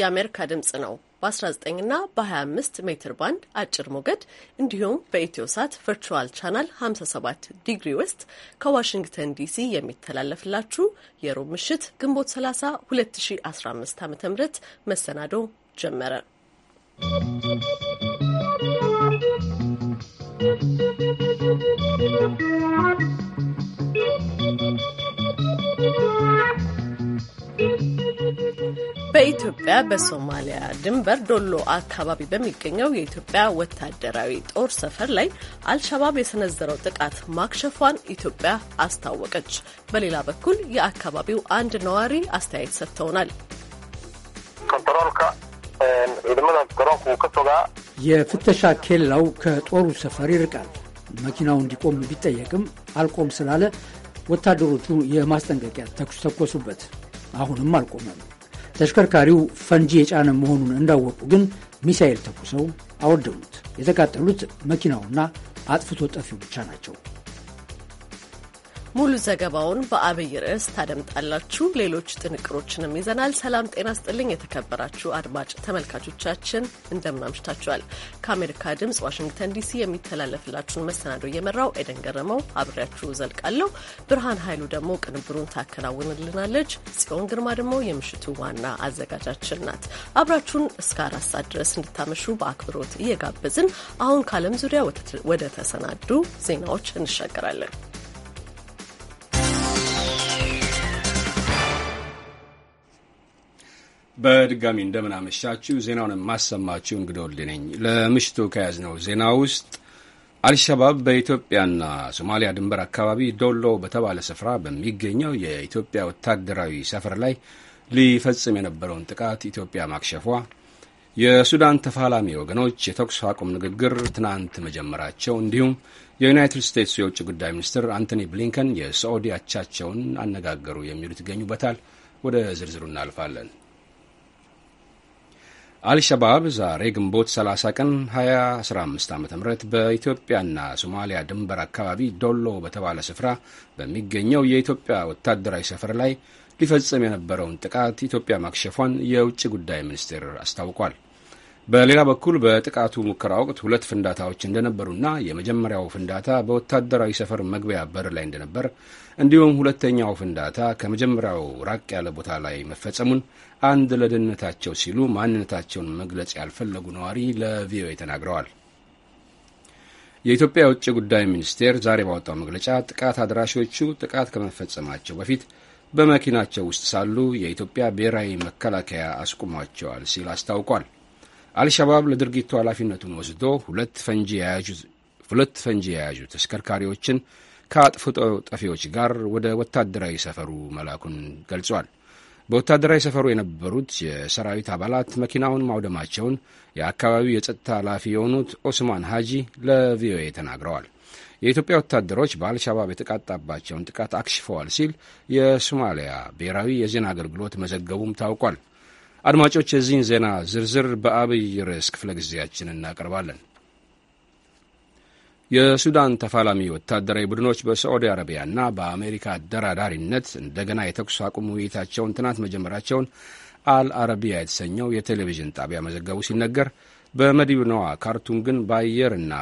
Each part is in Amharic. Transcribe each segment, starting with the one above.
የአሜሪካ ድምጽ ነው። በ19 ና በ25 ሜትር ባንድ አጭር ሞገድ እንዲሁም በኢትዮ ሳት ቨርቹዋል ቻናል 57 ዲግሪ ውስጥ ከዋሽንግተን ዲሲ የሚተላለፍላችሁ የሮብ ምሽት ግንቦት 30 2015 ዓ ም መሰናዶ ጀመረ። ¶¶ በኢትዮጵያ በሶማሊያ ድንበር ዶሎ አካባቢ በሚገኘው የኢትዮጵያ ወታደራዊ ጦር ሰፈር ላይ አልሸባብ የሰነዘረው ጥቃት ማክሸፏን ኢትዮጵያ አስታወቀች። በሌላ በኩል የአካባቢው አንድ ነዋሪ አስተያየት ሰጥተውናል። የፍተሻ ኬላው ከጦሩ ሰፈር ይርቃል። መኪናው እንዲቆም ቢጠየቅም አልቆም ስላለ ወታደሮቹ የማስጠንቀቂያ ተኩስ ተኮሱበት። አሁንም አልቆመም። ተሽከርካሪው ፈንጂ የጫነ መሆኑን እንዳወቁ ግን ሚሳኤል ተኩሰው አወደሙት። የተቃጠሉት መኪናውና አጥፍቶ ጠፊው ብቻ ናቸው። ሙሉ ዘገባውን በአብይ ርዕስ ታደምጣላችሁ። ሌሎች ጥንቅሮችንም ይዘናል። ሰላም ጤና ስጥልኝ። የተከበራችሁ አድማጭ ተመልካቾቻችን እንደምናምሽታችኋል። ከአሜሪካ ድምፅ ዋሽንግተን ዲሲ የሚተላለፍላችሁን መሰናዶ እየመራው ኤደን ገረመው አብሬያችሁ ዘልቃለሁ። ብርሃን ኃይሉ ደግሞ ቅንብሩን ታከናውንልናለች። ጽዮን ግርማ ደግሞ የምሽቱ ዋና አዘጋጃችን ናት። አብራችሁን እስከ አራት ሰዓት ድረስ እንድታመሹ በአክብሮት እየጋበዝን አሁን ከዓለም ዙሪያ ወደ ተሰናዱ ዜናዎች እንሻገራለን። በድጋሚ እንደምናመሻችሁ ዜናውን የማሰማችሁ እንግዳ ወልድ ነኝ። ለምሽቱ ከያዝነው ዜና ውስጥ አልሸባብ በኢትዮጵያና ሶማሊያ ድንበር አካባቢ ዶሎ በተባለ ስፍራ በሚገኘው የኢትዮጵያ ወታደራዊ ሰፈር ላይ ሊፈጽም የነበረውን ጥቃት ኢትዮጵያ ማክሸፏ፣ የሱዳን ተፋላሚ ወገኖች የተኩስ አቁም ንግግር ትናንት መጀመራቸው፣ እንዲሁም የዩናይትድ ስቴትስ የውጭ ጉዳይ ሚኒስትር አንቶኒ ብሊንከን የሳዑዲ አቻቸውን አነጋገሩ የሚሉት ይገኙበታል። ወደ ዝርዝሩ እናልፋለን። አልሸባብ ዛሬ ግንቦት 30 ቀን 2015 ዓ ም በኢትዮጵያና ሶማሊያ ድንበር አካባቢ ዶሎ በተባለ ስፍራ በሚገኘው የኢትዮጵያ ወታደራዊ ሰፈር ላይ ሊፈጽም የነበረውን ጥቃት ኢትዮጵያ ማክሸፏን የውጭ ጉዳይ ሚኒስቴር አስታውቋል። በሌላ በኩል በጥቃቱ ሙከራ ወቅት ሁለት ፍንዳታዎች እንደነበሩና የመጀመሪያው ፍንዳታ በወታደራዊ ሰፈር መግቢያ በር ላይ እንደነበር እንዲሁም ሁለተኛው ፍንዳታ ከመጀመሪያው ራቅ ያለ ቦታ ላይ መፈጸሙን አንድ ለደህንነታቸው ሲሉ ማንነታቸውን መግለጽ ያልፈለጉ ነዋሪ ለቪኦኤ ተናግረዋል። የኢትዮጵያ የውጭ ጉዳይ ሚኒስቴር ዛሬ ባወጣው መግለጫ ጥቃት አድራሾቹ ጥቃት ከመፈጸማቸው በፊት በመኪናቸው ውስጥ ሳሉ የኢትዮጵያ ብሔራዊ መከላከያ አስቁሟቸዋል ሲል አስታውቋል። አልሸባብ ለድርጊቱ ኃላፊነቱን ወስዶ ሁለት ፈንጂ የያዙ ተሽከርካሪዎችን ከአጥፍቶ ጠፊዎች ጋር ወደ ወታደራዊ ሰፈሩ መላኩን ገልጿል። በወታደራዊ ሰፈሩ የነበሩት የሰራዊት አባላት መኪናውን ማውደማቸውን የአካባቢው የጸጥታ ኃላፊ የሆኑት ኦስማን ሃጂ ለቪኦኤ ተናግረዋል። የኢትዮጵያ ወታደሮች በአልሻባብ የተቃጣባቸውን ጥቃት አክሽፈዋል ሲል የሶማሊያ ብሔራዊ የዜና አገልግሎት መዘገቡም ታውቋል። አድማጮች፣ የዚህን ዜና ዝርዝር በአብይ ርዕስ ክፍለ ጊዜያችን እናቀርባለን። የሱዳን ተፋላሚ ወታደራዊ ቡድኖች በሳዑዲ አረቢያና በአሜሪካ አደራዳሪነት እንደገና የተኩስ አቁም ውይይታቸውን ትናንት መጀመራቸውን አል አረቢያ የተሰኘው የቴሌቪዥን ጣቢያ መዘገቡ ሲነገር በመዲናዋ ካርቱም ግን በአየርና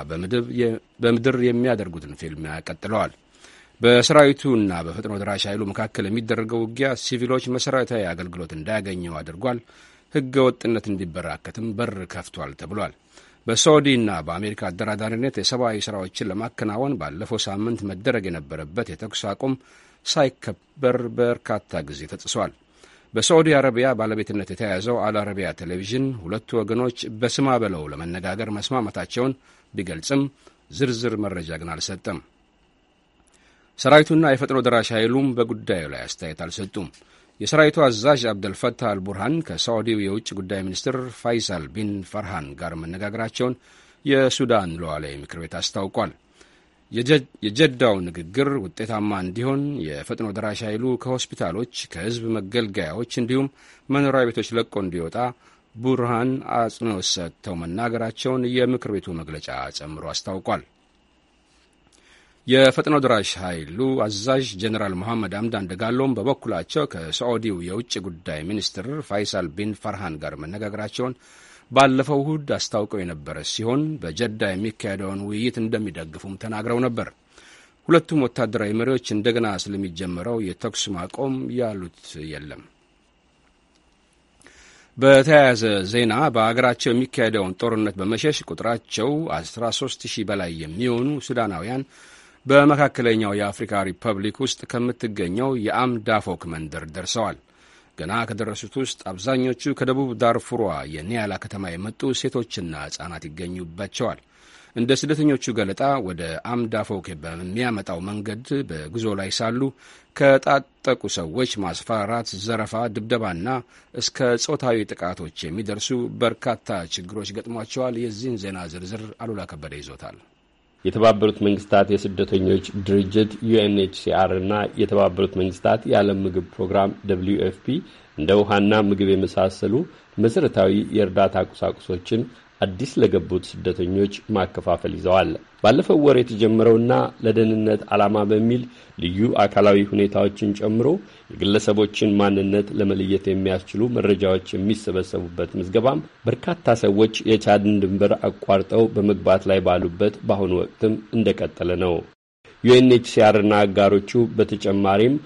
በምድር የሚያደርጉትን ፊልም ቀጥለዋል። በሰራዊቱና በፈጥኖ ደራሽ ኃይሉ መካከል የሚደረገው ውጊያ ሲቪሎች መሠረታዊ አገልግሎት እንዳያገኘው አድርጓል። ሕገ ወጥነት እንዲበራከትም በር ከፍቷል ተብሏል። በሳዑዲና በአሜሪካ አደራዳሪነት የሰብአዊ ሥራዎችን ለማከናወን ባለፈው ሳምንት መደረግ የነበረበት የተኩስ አቁም ሳይከበር በርካታ ጊዜ ተጥሷል። በሳዑዲ አረቢያ ባለቤትነት የተያያዘው አል አረቢያ ቴሌቪዥን ሁለቱ ወገኖች በስማ በለው ለመነጋገር መስማማታቸውን ቢገልጽም ዝርዝር መረጃ ግን አልሰጠም። ሰራዊቱና የፈጥኖ ደራሽ ኃይሉም በጉዳዩ ላይ አስተያየት አልሰጡም። የሰራዊቱ አዛዥ አብደልፈታህ አልቡርሃን ከሳዑዲው የውጭ ጉዳይ ሚኒስትር ፋይሳል ቢን ፈርሃን ጋር መነጋገራቸውን የሱዳን ሉዓላዊ ምክር ቤት አስታውቋል። የጀዳው ንግግር ውጤታማ እንዲሆን የፈጥኖ ደራሽ ኃይሉ ከሆስፒታሎች፣ ከህዝብ መገልገያዎች እንዲሁም መኖሪያ ቤቶች ለቆ እንዲወጣ ቡርሃን አጽንኦት ሰጥተው መናገራቸውን የምክር ቤቱ መግለጫ ጨምሮ አስታውቋል። የፈጥኖ ድራሽ ኃይሉ አዛዥ ጀኔራል መሐመድ አምዳን ደጋሎም በበኩላቸው ከሳዑዲው የውጭ ጉዳይ ሚኒስትር ፋይሳል ቢን ፈርሃን ጋር መነጋገራቸውን ባለፈው እሁድ አስታውቀው የነበረ ሲሆን በጀዳ የሚካሄደውን ውይይት እንደሚደግፉም ተናግረው ነበር። ሁለቱም ወታደራዊ መሪዎች እንደገና ስለሚጀመረው የተኩስ ማቆም ያሉት የለም። በተያያዘ ዜና በአገራቸው የሚካሄደውን ጦርነት በመሸሽ ቁጥራቸው 13 ሺህ በላይ የሚሆኑ ሱዳናውያን በመካከለኛው የአፍሪካ ሪፐብሊክ ውስጥ ከምትገኘው የአምዳፎክ መንደር ደርሰዋል። ገና ከደረሱት ውስጥ አብዛኞቹ ከደቡብ ዳርፉሯ የኒያላ ከተማ የመጡ ሴቶችና ሕጻናት ይገኙባቸዋል። እንደ ስደተኞቹ ገለጣ ወደ አምዳፎክ በሚያመጣው መንገድ በጉዞ ላይ ሳሉ ከጣጠቁ ሰዎች ማስፈራራት፣ ዘረፋ፣ ድብደባና እስከ ጾታዊ ጥቃቶች የሚደርሱ በርካታ ችግሮች ገጥሟቸዋል። የዚህን ዜና ዝርዝር አሉላ ከበደ ይዞታል። የተባበሩት መንግስታት የስደተኞች ድርጅት ዩኤንኤችሲአር እና የተባበሩት መንግስታት የዓለም ምግብ ፕሮግራም ደብልዩ ኤፍፒ እንደ ውሃና ምግብ የመሳሰሉ መሠረታዊ የእርዳታ ቁሳቁሶችን አዲስ ለገቡት ስደተኞች ማከፋፈል ይዘዋል። ባለፈው ወር የተጀመረውና ለደህንነት ዓላማ በሚል ልዩ አካላዊ ሁኔታዎችን ጨምሮ የግለሰቦችን ማንነት ለመለየት የሚያስችሉ መረጃዎች የሚሰበሰቡበት ምዝገባም በርካታ ሰዎች የቻድን ድንበር አቋርጠው በመግባት ላይ ባሉበት በአሁኑ ወቅትም እንደቀጠለ ነው። ዩኤንኤችሲአር አጋሮቹ በተጨማሪም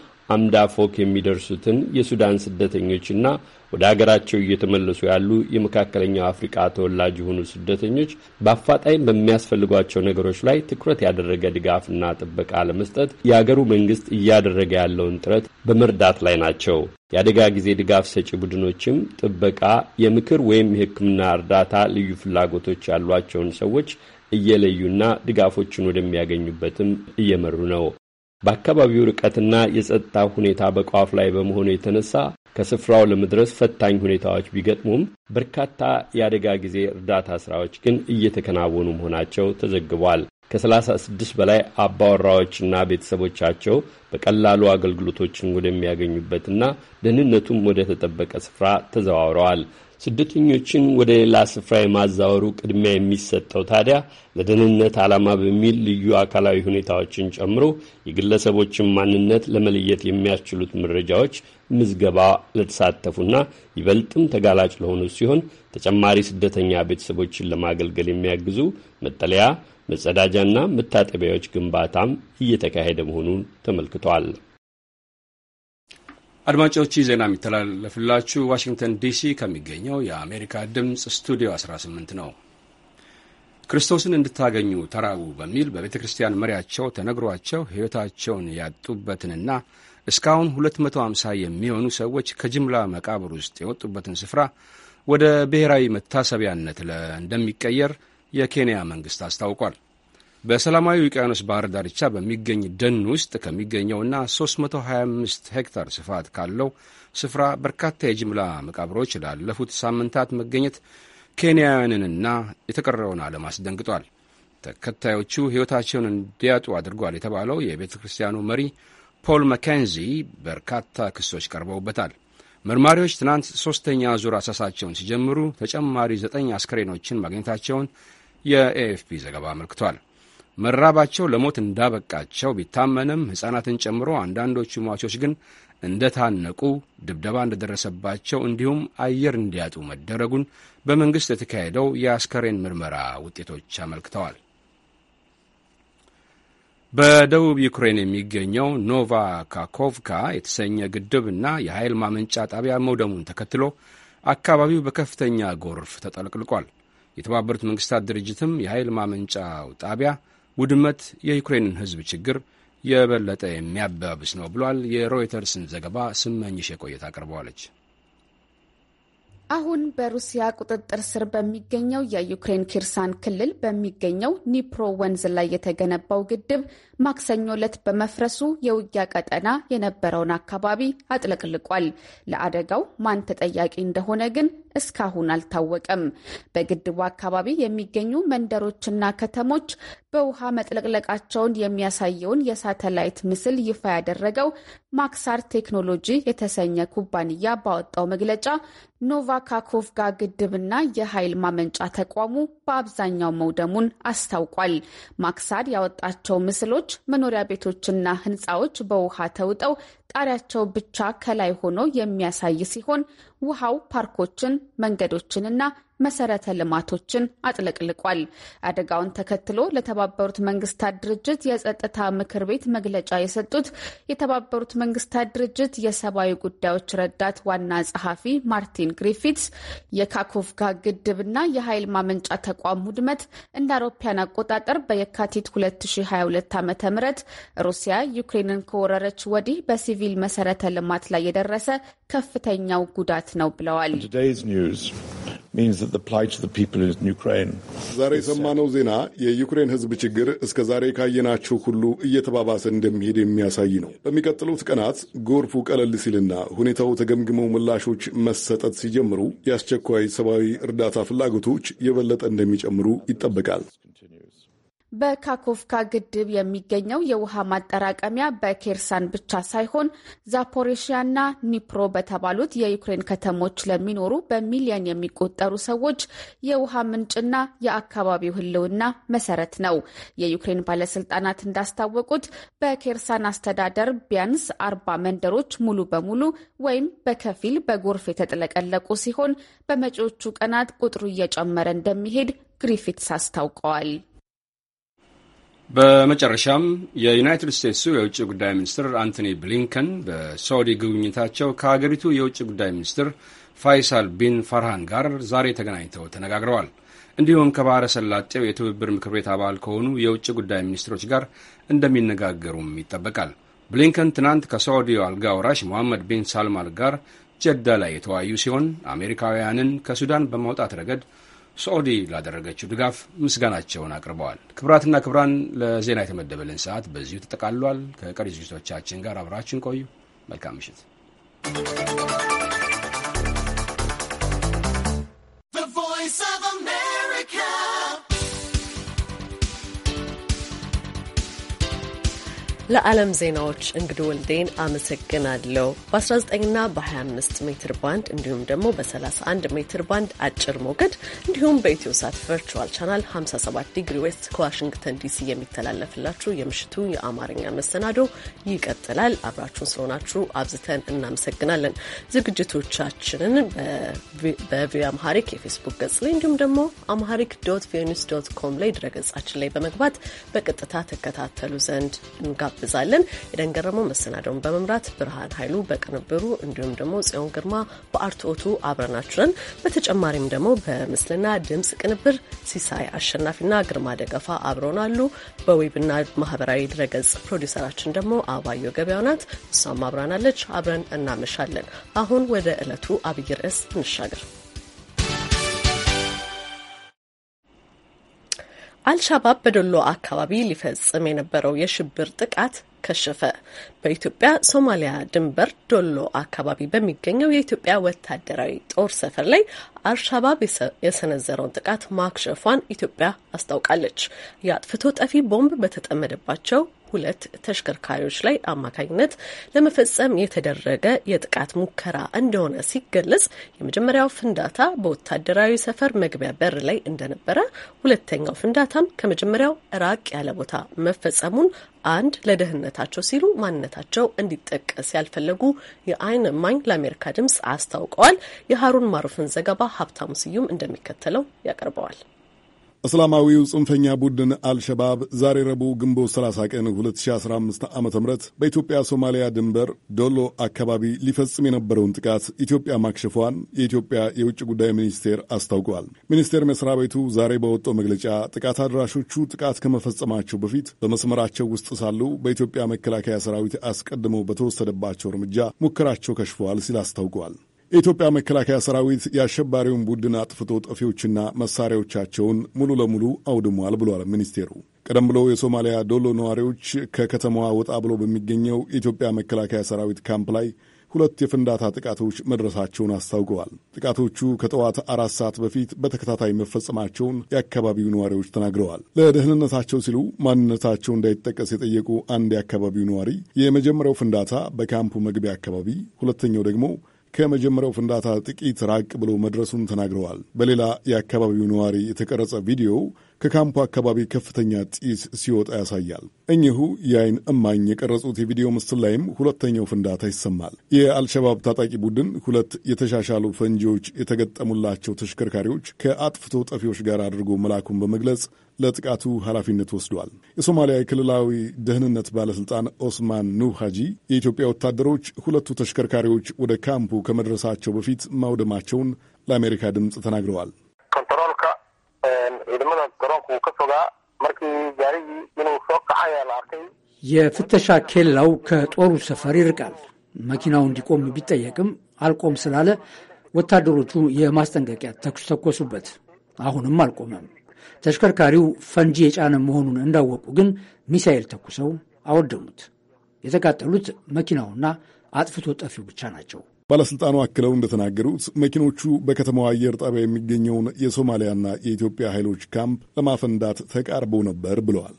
ፎክ የሚደርሱትን የሱዳን ስደተኞችና ወደ አገራቸው እየተመለሱ ያሉ የመካከለኛው አፍሪቃ ተወላጅ የሆኑ ስደተኞች በአፋጣኝ በሚያስፈልጓቸው ነገሮች ላይ ትኩረት ያደረገ ድጋፍና ጥበቃ ለመስጠት የአገሩ መንግስት እያደረገ ያለውን ጥረት በመርዳት ላይ ናቸው። የአደጋ ጊዜ ድጋፍ ሰጪ ቡድኖችም ጥበቃ፣ የምክር ወይም የሕክምና እርዳታ ልዩ ፍላጎቶች ያሏቸውን ሰዎች እየለዩና ድጋፎችን ወደሚያገኙበትም እየመሩ ነው። በአካባቢው ርቀትና የጸጥታ ሁኔታ በቋፍ ላይ በመሆኑ የተነሳ ከስፍራው ለመድረስ ፈታኝ ሁኔታዎች ቢገጥሙም በርካታ የአደጋ ጊዜ እርዳታ ሥራዎች ግን እየተከናወኑ መሆናቸው ተዘግቧል። ከ36 በላይ አባወራዎችና ቤተሰቦቻቸው በቀላሉ አገልግሎቶችን ወደሚያገኙበትና ደህንነቱም ወደ ተጠበቀ ስፍራ ተዘዋውረዋል። ስደተኞችን ወደ ሌላ ስፍራ የማዛወሩ ቅድሚያ የሚሰጠው ታዲያ ለደህንነት ዓላማ በሚል ልዩ አካላዊ ሁኔታዎችን ጨምሮ የግለሰቦችን ማንነት ለመለየት የሚያስችሉት መረጃዎች ምዝገባ ለተሳተፉና ይበልጥም ተጋላጭ ለሆኑ ሲሆን ተጨማሪ ስደተኛ ቤተሰቦችን ለማገልገል የሚያግዙ መጠለያ መጸዳጃና መታጠቢያዎች ግንባታም እየተካሄደ መሆኑን ተመልክቷል። አድማጮቹ ዜና የሚተላለፍላችሁ ዋሽንግተን ዲሲ ከሚገኘው የአሜሪካ ድምፅ ስቱዲዮ 18 ነው። ክርስቶስን እንድታገኙ ተራቡ በሚል በቤተ ክርስቲያን መሪያቸው ተነግሯቸው ሕይወታቸውን ያጡበትንና እስካሁን 250 የሚሆኑ ሰዎች ከጅምላ መቃብር ውስጥ የወጡበትን ስፍራ ወደ ብሔራዊ መታሰቢያነት እንደሚቀየር የኬንያ መንግሥት አስታውቋል። በሰላማዊ ውቅያኖስ ባህር ዳርቻ በሚገኝ ደን ውስጥ ከሚገኘውና 325 ሄክታር ስፋት ካለው ስፍራ በርካታ የጅምላ መቃብሮች ላለፉት ሳምንታት መገኘት ኬንያውያንንና የተቀረውን ዓለም አስደንግጧል። ተከታዮቹ ሕይወታቸውን እንዲያጡ አድርጓል የተባለው የቤተ ክርስቲያኑ መሪ ፖል መኬንዚ በርካታ ክሶች ቀርበውበታል። መርማሪዎች ትናንት ሦስተኛ ዙር አሳሳቸውን ሲጀምሩ ተጨማሪ ዘጠኝ አስከሬኖችን ማግኘታቸውን የኤኤፍፒ ዘገባ አመልክቷል። መራባቸው ለሞት እንዳበቃቸው ቢታመንም ሕፃናትን ጨምሮ አንዳንዶቹ ሟቾች ግን እንደታነቁ፣ ድብደባ እንደደረሰባቸው እንዲሁም አየር እንዲያጡ መደረጉን በመንግሥት የተካሄደው የአስከሬን ምርመራ ውጤቶች አመልክተዋል። በደቡብ ዩክሬን የሚገኘው ኖቫ ካኮቭካ የተሰኘ ግድብ እና የኃይል ማመንጫ ጣቢያ መውደሙን ተከትሎ አካባቢው በከፍተኛ ጎርፍ ተጠልቅልቋል። የተባበሩት መንግስታት ድርጅትም የኃይል ማመንጫው ጣቢያ ውድመት የዩክሬንን ሕዝብ ችግር የበለጠ የሚያባብስ ነው ብሏል። የሮይተርስን ዘገባ ስመኝሽ የቆየት አቅርበዋለች። አሁን በሩሲያ ቁጥጥር ስር በሚገኘው የዩክሬን ኪርሳን ክልል በሚገኘው ኒፕሮ ወንዝ ላይ የተገነባው ግድብ ማክሰኞ ዕለት በመፍረሱ የውጊያ ቀጠና የነበረውን አካባቢ አጥለቅልቋል። ለአደጋው ማን ተጠያቂ እንደሆነ ግን እስካሁን አልታወቀም። በግድቡ አካባቢ የሚገኙ መንደሮችና ከተሞች በውሃ መጥለቅለቃቸውን የሚያሳየውን የሳተላይት ምስል ይፋ ያደረገው ማክሳር ቴክኖሎጂ የተሰኘ ኩባንያ ባወጣው መግለጫ ኖቫ ካኮቭጋ ግድብና የኃይል ማመንጫ ተቋሙ በአብዛኛው መውደሙን አስታውቋል። ማክሳር ያወጣቸው ምስሎች መኖሪያ ቤቶችና ሕንፃዎች በውሃ ተውጠው ጣሪያቸው ብቻ ከላይ ሆኖ የሚያሳይ ሲሆን ውሃው ፓርኮችን፣ መንገዶችንና መሰረተ ልማቶችን አጥለቅልቋል። አደጋውን ተከትሎ ለተባበሩት መንግስታት ድርጅት የጸጥታ ምክር ቤት መግለጫ የሰጡት የተባበሩት መንግስታት ድርጅት የሰብአዊ ጉዳዮች ረዳት ዋና ጸሐፊ ማርቲን ግሪፊትስ ግድብ ግድብና የኃይል ማመንጫ ተቋም ውድመት እንደ አውሮፓውያን አቆጣጠር በየካቲት 2022 ዓ ም ሩሲያ ዩክሬንን ከወረረች ወዲህ በሲቪል መሰረተ ልማት ላይ የደረሰ ከፍተኛው ጉዳት ነው ብለዋል። means that the plight of the people in Ukraine. ዛሬ የሰማነው ዜና የዩክሬን ሕዝብ ችግር እስከ ዛሬ ካየናቸው ሁሉ እየተባባሰ እንደሚሄድ የሚያሳይ ነው። በሚቀጥሉት ቀናት ጎርፉ ቀለል ሲልና ሁኔታው ተገምግመው ምላሾች መሰጠት ሲጀምሩ የአስቸኳይ ሰብአዊ እርዳታ ፍላጎቶች የበለጠ እንደሚጨምሩ ይጠበቃል። በካኮቭካ ግድብ የሚገኘው የውሃ ማጠራቀሚያ በኬርሳን ብቻ ሳይሆን ዛፖሬሽያና ኒፕሮ በተባሉት የዩክሬን ከተሞች ለሚኖሩ በሚሊዮን የሚቆጠሩ ሰዎች የውሃ ምንጭና የአካባቢው ሕልውና መሰረት ነው። የዩክሬን ባለስልጣናት እንዳስታወቁት በኬርሳን አስተዳደር ቢያንስ አርባ መንደሮች ሙሉ በሙሉ ወይም በከፊል በጎርፍ የተጥለቀለቁ ሲሆን በመጪዎቹ ቀናት ቁጥሩ እየጨመረ እንደሚሄድ ግሪፊትስ አስታውቀዋል። በመጨረሻም የዩናይትድ ስቴትሱ የውጭ ጉዳይ ሚኒስትር አንቶኒ ብሊንከን በሳዑዲ ጉብኝታቸው ከሀገሪቱ የውጭ ጉዳይ ሚኒስትር ፋይሳል ቢን ፈርሃን ጋር ዛሬ ተገናኝተው ተነጋግረዋል። እንዲሁም ከባህረ ሰላጤው የትብብር ምክር ቤት አባል ከሆኑ የውጭ ጉዳይ ሚኒስትሮች ጋር እንደሚነጋገሩም ይጠበቃል። ብሊንከን ትናንት ከሳዑዲው አልጋ ወራሽ ሞሐመድ ቢን ሳልማን ጋር ጀዳ ላይ የተወያዩ ሲሆን አሜሪካውያንን ከሱዳን በማውጣት ረገድ ሳዑዲ ላደረገችው ድጋፍ ምስጋናቸውን አቅርበዋል። ክብራትና ክብራን ለዜና የተመደበልን ሰዓት በዚሁ ተጠቃልሏል። ከቀሪ ዝግጅቶቻችን ጋር አብራችን ቆዩ። መልካም ምሽት። ለዓለም ዜናዎች እንግዶ ወልዴን አመሰግናለሁ። በ19ና በ25 ሜትር ባንድ እንዲሁም ደግሞ በ31 ሜትር ባንድ አጭር ሞገድ እንዲሁም በኢትዮ ሳት ቨርቹዋል ቻናል 57 ዲግሪ ዌስት ከዋሽንግተን ዲሲ የሚተላለፍላችሁ የምሽቱ የአማርኛ መሰናዶ ይቀጥላል። አብራችሁን ስለሆናችሁ አብዝተን እናመሰግናለን። ዝግጅቶቻችንን በቪ አምሃሪክ የፌስቡክ ገጽ ላይ እንዲሁም ደግሞ አምሃሪክ ዶት ቪኦኤ ኒውስ ዶት ኮም ላይ ድረገጻችን ላይ በመግባት በቀጥታ ተከታተሉ ዘንድ እንጋብ እንጋብዛለን። የደንገረመው መሰናደውን በመምራት ብርሃን ኃይሉ በቅንብሩ እንዲሁም ደግሞ ጽዮን ግርማ በአርትኦቱ አብረናችሁን። በተጨማሪም ደግሞ በምስልና ድምፅ ቅንብር ሲሳይ አሸናፊና ግርማ ደገፋ አብረውናሉ። በዌብና ማህበራዊ ድረገጽ ፕሮዲውሰራችን ደግሞ አባዮ ገበያው ናት። እሷም አብራናለች። አብረን እናመሻለን። አሁን ወደ ዕለቱ አብይ ርዕስ እንሻገር። አልሻባብ በዶሎ አካባቢ ሊፈጽም የነበረው የሽብር ጥቃት ከሸፈ። በኢትዮጵያ ሶማሊያ ድንበር ዶሎ አካባቢ በሚገኘው የኢትዮጵያ ወታደራዊ ጦር ሰፈር ላይ አልሻባብ የሰነዘረውን ጥቃት ማክሸፏን ኢትዮጵያ አስታውቃለች። የአጥፍቶ ጠፊ ቦምብ በተጠመደባቸው ሁለት ተሽከርካሪዎች ላይ አማካኝነት ለመፈጸም የተደረገ የጥቃት ሙከራ እንደሆነ ሲገለጽ የመጀመሪያው ፍንዳታ በወታደራዊ ሰፈር መግቢያ በር ላይ እንደነበረ፣ ሁለተኛው ፍንዳታም ከመጀመሪያው ራቅ ያለ ቦታ መፈጸሙን አንድ ለደህንነታቸው ሲሉ ማንነታቸው እንዲጠቀስ ያልፈለጉ የአይን እማኝ ለአሜሪካ ድምጽ አስታውቀዋል። የሀሩን ማሩፍን ዘገባ ሀብታሙ ስዩም እንደሚከተለው ያቀርበዋል። እስላማዊው ጽንፈኛ ቡድን አልሸባብ ዛሬ ረቡዕ ግንቦት 30 ቀን 2015 ዓ ም በኢትዮጵያ ሶማሊያ ድንበር ዶሎ አካባቢ ሊፈጽም የነበረውን ጥቃት ኢትዮጵያ ማክሸፏን የኢትዮጵያ የውጭ ጉዳይ ሚኒስቴር አስታውቋል። ሚኒስቴር መስሪያ ቤቱ ዛሬ በወጣው መግለጫ ጥቃት አድራሾቹ ጥቃት ከመፈጸማቸው በፊት በመስመራቸው ውስጥ ሳሉ በኢትዮጵያ መከላከያ ሰራዊት አስቀድሞ በተወሰደባቸው እርምጃ ሙከራቸው ከሽፈዋል ሲል አስታውቋል። የኢትዮጵያ መከላከያ ሰራዊት የአሸባሪውን ቡድን አጥፍቶ ጠፊዎችና መሳሪያዎቻቸውን ሙሉ ለሙሉ አውድሟል ብሏል ሚኒስቴሩ። ቀደም ብሎ የሶማሊያ ዶሎ ነዋሪዎች ከከተማዋ ወጣ ብሎ በሚገኘው የኢትዮጵያ መከላከያ ሰራዊት ካምፕ ላይ ሁለት የፍንዳታ ጥቃቶች መድረሳቸውን አስታውቀዋል። ጥቃቶቹ ከጠዋት አራት ሰዓት በፊት በተከታታይ መፈጸማቸውን የአካባቢው ነዋሪዎች ተናግረዋል። ለደህንነታቸው ሲሉ ማንነታቸው እንዳይጠቀስ የጠየቁ አንድ የአካባቢው ነዋሪ የመጀመሪያው ፍንዳታ በካምፑ መግቢያ አካባቢ፣ ሁለተኛው ደግሞ ከመጀመሪያው ፍንዳታ ጥቂት ራቅ ብሎ መድረሱን ተናግረዋል። በሌላ የአካባቢው ነዋሪ የተቀረጸ ቪዲዮ ከካምፑ አካባቢ ከፍተኛ ጢስ ሲወጣ ያሳያል። እኚሁ የአይን እማኝ የቀረጹት የቪዲዮ ምስል ላይም ሁለተኛው ፍንዳታ ይሰማል። የአልሸባብ ታጣቂ ቡድን ሁለት የተሻሻሉ ፈንጂዎች የተገጠሙላቸው ተሽከርካሪዎች ከአጥፍቶ ጠፊዎች ጋር አድርጎ መላኩን በመግለጽ ለጥቃቱ ኃላፊነት ወስዷል። የሶማሊያ የክልላዊ ደህንነት ባለሥልጣን ኦስማን ኑሃጂ የኢትዮጵያ ወታደሮች ሁለቱ ተሽከርካሪዎች ወደ ካምፑ ከመድረሳቸው በፊት ማውደማቸውን ለአሜሪካ ድምፅ ተናግረዋል። የፍተሻ ኬላው ከጦሩ ሰፈር ይርቃል። መኪናው እንዲቆም ቢጠየቅም አልቆም ስላለ ወታደሮቹ የማስጠንቀቂያ ተኩስ ተኮሱበት። አሁንም አልቆመም። ተሽከርካሪው ፈንጂ የጫነ መሆኑን እንዳወቁ ግን ሚሳኤል ተኩሰው አወደሙት። የተቃጠሉት መኪናውና አጥፍቶ ጠፊው ብቻ ናቸው። ባለሥልጣኑ አክለው እንደተናገሩት መኪኖቹ በከተማዋ አየር ጣቢያ የሚገኘውን የሶማሊያና የኢትዮጵያ ኃይሎች ካምፕ ለማፈንዳት ተቃርበው ነበር ብለዋል።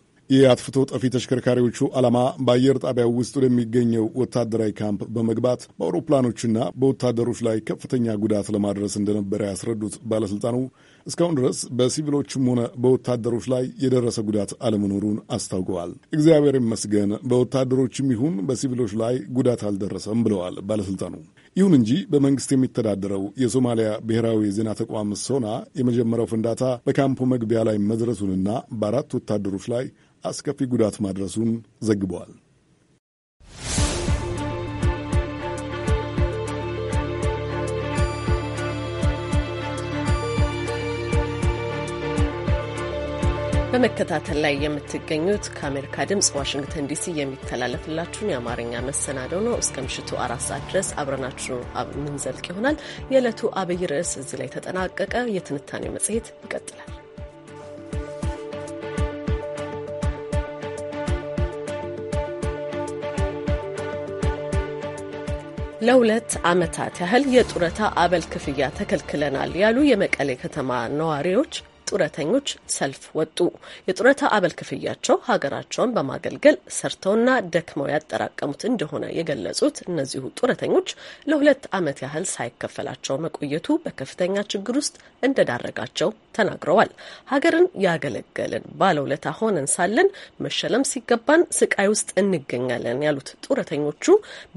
አጥፍቶ ጠፊ ተሽከርካሪዎቹ ዓላማ በአየር ጣቢያው ውስጥ ወደሚገኘው ወታደራዊ ካምፕ በመግባት በአውሮፕላኖችና በወታደሮች ላይ ከፍተኛ ጉዳት ለማድረስ እንደነበረ ያስረዱት ባለሥልጣኑ እስካሁን ድረስ በሲቪሎችም ሆነ በወታደሮች ላይ የደረሰ ጉዳት አለመኖሩን አስታውቀዋል። እግዚአብሔር ይመስገን በወታደሮችም ይሁን በሲቪሎች ላይ ጉዳት አልደረሰም ብለዋል ባለሥልጣኑ። ይሁን እንጂ በመንግስት የሚተዳደረው የሶማሊያ ብሔራዊ የዜና ተቋም ሶና የመጀመሪያው ፍንዳታ በካምፑ መግቢያ ላይ መድረሱንና በአራት ወታደሮች ላይ አስከፊ ጉዳት ማድረሱን ዘግበዋል። በመከታተል ላይ የምትገኙት ከአሜሪካ ድምጽ ዋሽንግተን ዲሲ የሚተላለፍላችሁን የአማርኛ መሰናደው ነው። እስከ ምሽቱ አራት ሰዓት ድረስ አብረናችሁ ምንዘልቅ ይሆናል። የዕለቱ አብይ ርዕስ እዚህ ላይ ተጠናቀቀ። የትንታኔው መጽሔት ይቀጥላል። ለሁለት ዓመታት ያህል የጡረታ አበል ክፍያ ተከልክለናል ያሉ የመቀሌ ከተማ ነዋሪዎች ጡረተኞች ሰልፍ ወጡ። የጡረታ አበል ክፍያቸው ሀገራቸውን በማገልገል ሰርተውና ደክመው ያጠራቀሙት እንደሆነ የገለጹት እነዚሁ ጡረተኞች ለሁለት ዓመት ያህል ሳይከፈላቸው መቆየቱ በከፍተኛ ችግር ውስጥ እንደዳረጋቸው ተናግረዋል። ሀገርን ያገለገልን ባለውለታ ሆነን ሳለን መሸለም ሲገባን ስቃይ ውስጥ እንገኛለን ያሉት ጡረተኞቹ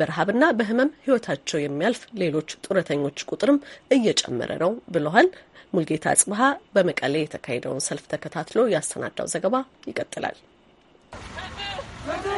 በረሃብና በህመም ህይወታቸው የሚያልፍ ሌሎች ጡረተኞች ቁጥርም እየጨመረ ነው ብለዋል። ሙልጌታ አጽብሃ በመቀሌ የተካሄደውን ሰልፍ ተከታትሎ ያሰናዳው ዘገባ ይቀጥላል። ፍትህ!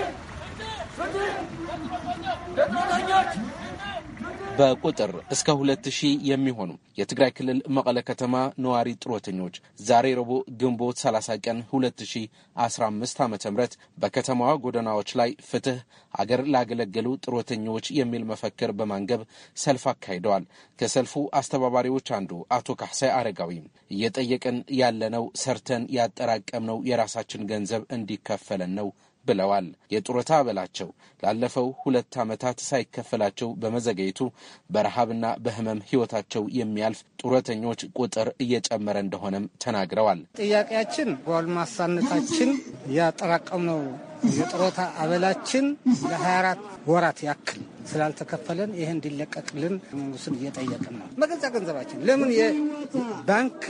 በቁጥር እስከ ሁለት ሺህ የሚሆኑ የትግራይ ክልል መቀለ ከተማ ነዋሪ ጥሮተኞች ዛሬ ረቡዕ ግንቦት 30 ቀን 2015 ዓ ም በከተማዋ ጎደናዎች ላይ ፍትህ አገር ላገለገሉ ጥሮተኞች የሚል መፈክር በማንገብ ሰልፍ አካሂደዋል። ከሰልፉ አስተባባሪዎች አንዱ አቶ ካሕሳይ አረጋዊ እየጠየቅን ያለነው ሰርተን ያጠራቀምነው የራሳችን ገንዘብ እንዲከፈለን ነው ብለዋል። የጡረታ አበላቸው ላለፈው ሁለት ዓመታት ሳይከፈላቸው በመዘገየቱ በረሃብና በህመም ህይወታቸው የሚያልፍ ጡረተኞች ቁጥር እየጨመረ እንደሆነም ተናግረዋል። ጥያቄያችን ያጠራቀም ያጠራቀምነው የጥሮታ አበላችን ለ24 ወራት ያክል ስላልተከፈለን ይህ እንዲለቀቅልን መንግስቱን እየጠየቅን ነው። በገዛ ገንዘባችን ለምን የባንክ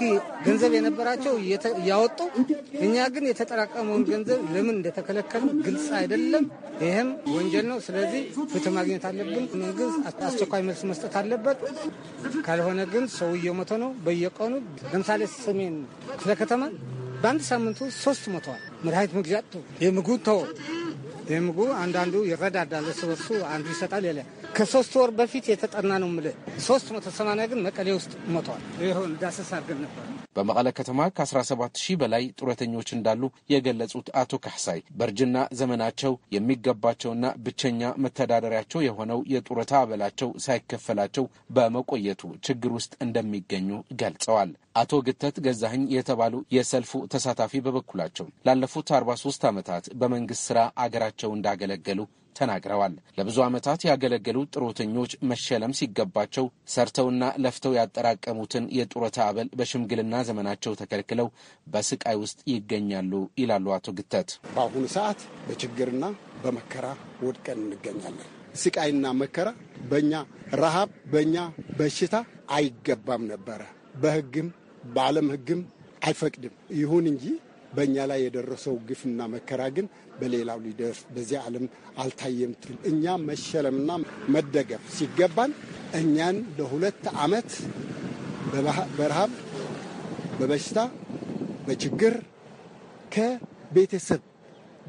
ገንዘብ የነበራቸው እያወጡ እኛ ግን የተጠራቀመውን ገንዘብ ለምን እንደተከለከሉ ግልጽ አይደለም። ይህም ወንጀል ነው። ስለዚህ ፍትህ ማግኘት አለብን። መንግስት አስቸኳይ መልስ መስጠት አለበት። ካልሆነ ግን ሰው እየሞተ ነው በየቀኑ ለምሳሌ ሰሜን ክፍለ ከተማ በአንድ ሳምንቱ ሶስት ሞተዋል። መድኃኒት መግዣት የምግቡ ተወ የምግቡ አንዳንዱ ይረዳዳል፣ እርስ አንዱ ይሰጣል። የለ ከሶስት ወር በፊት የተጠና ነው ምል ሶስት መቶ ሰማንያ ግን መቀሌ ውስጥ ሞተዋል። ይሁን ዳሰሳ አድርገን ነበር። በመቀለ ከተማ ከ17 ሺህ በላይ ጡረተኞች እንዳሉ የገለጹት አቶ ካሕሳይ በእርጅና ዘመናቸው የሚገባቸውና ብቸኛ መተዳደሪያቸው የሆነው የጡረታ አበላቸው ሳይከፈላቸው በመቆየቱ ችግር ውስጥ እንደሚገኙ ገልጸዋል። አቶ ግተት ገዛኸኝ የተባሉ የሰልፉ ተሳታፊ በበኩላቸው ላለፉት 43 ዓመታት በመንግስት ስራ አገራቸው እንዳገለገሉ ተናግረዋል። ለብዙ ዓመታት ያገለገሉ ጥሮተኞች መሸለም ሲገባቸው ሰርተውና ለፍተው ያጠራቀሙትን የጡረታ አበል በሽምግልና ዘመናቸው ተከልክለው በስቃይ ውስጥ ይገኛሉ ይላሉ አቶ ግተት። በአሁኑ ሰዓት በችግርና በመከራ ወድቀን እንገኛለን። ስቃይና መከራ በእኛ ረሃብ፣ በእኛ በሽታ አይገባም ነበረ በህግም በዓለም ሕግም አይፈቅድም። ይሁን እንጂ በእኛ ላይ የደረሰው ግፍና መከራ ግን በሌላው ሊደርስ በዚህ ዓለም አልታየም። እኛ መሸለምና መደገፍ ሲገባን እኛን ለሁለት ዓመት በረሃብ፣ በበሽታ፣ በችግር ከቤተሰብ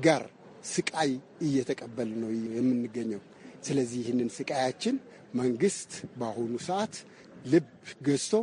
ጋር ስቃይ እየተቀበል ነው የምንገኘው። ስለዚህ ይህንን ስቃያችን መንግስት በአሁኑ ሰዓት ልብ ገዝቶ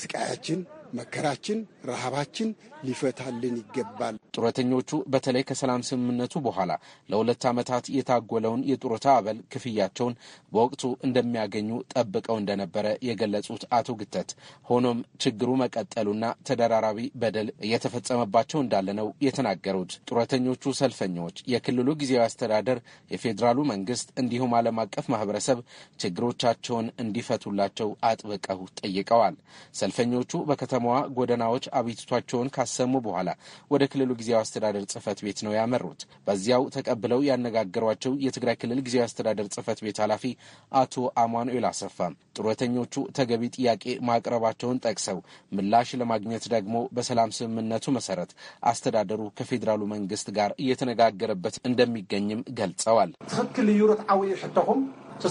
ስቃያችን መከራችን ረሃባችን ሊፈታልን ይገባል። ጡረተኞቹ በተለይ ከሰላም ስምምነቱ በኋላ ለሁለት ዓመታት የታጎለውን የጡረታ አበል ክፍያቸውን በወቅቱ እንደሚያገኙ ጠብቀው እንደነበረ የገለጹት አቶ ግተት፣ ሆኖም ችግሩ መቀጠሉና ተደራራቢ በደል እየተፈጸመባቸው እንዳለ ነው የተናገሩት። ጡረተኞቹ ሰልፈኞች፣ የክልሉ ጊዜያዊ አስተዳደር፣ የፌዴራሉ መንግስት እንዲሁም ዓለም አቀፍ ማህበረሰብ ችግሮቻቸውን እንዲፈቱላቸው አጥብቀው ጠይቀዋል። ሰልፈኞቹ በከተማዋ ጎደናዎች አቤቱታቸውን ካሰሙ በኋላ ወደ ክልሉ ጊዜያዊ አስተዳደር ጽህፈት ቤት ነው ያመሩት። በዚያው ተቀብለው ያነጋገሯቸው የትግራይ ክልል ጊዜያዊ አስተዳደር ጽህፈት ቤት ኃላፊ አቶ አማኑኤል አሰፋ ጡረተኞቹ ተገቢ ጥያቄ ማቅረባቸውን ጠቅሰው ምላሽ ለማግኘት ደግሞ በሰላም ስምምነቱ መሰረት አስተዳደሩ ከፌዴራሉ መንግስት ጋር እየተነጋገረበት እንደሚገኝም ገልጸዋል። ትክክል እዩ ርትዓዊ ሕቶኹም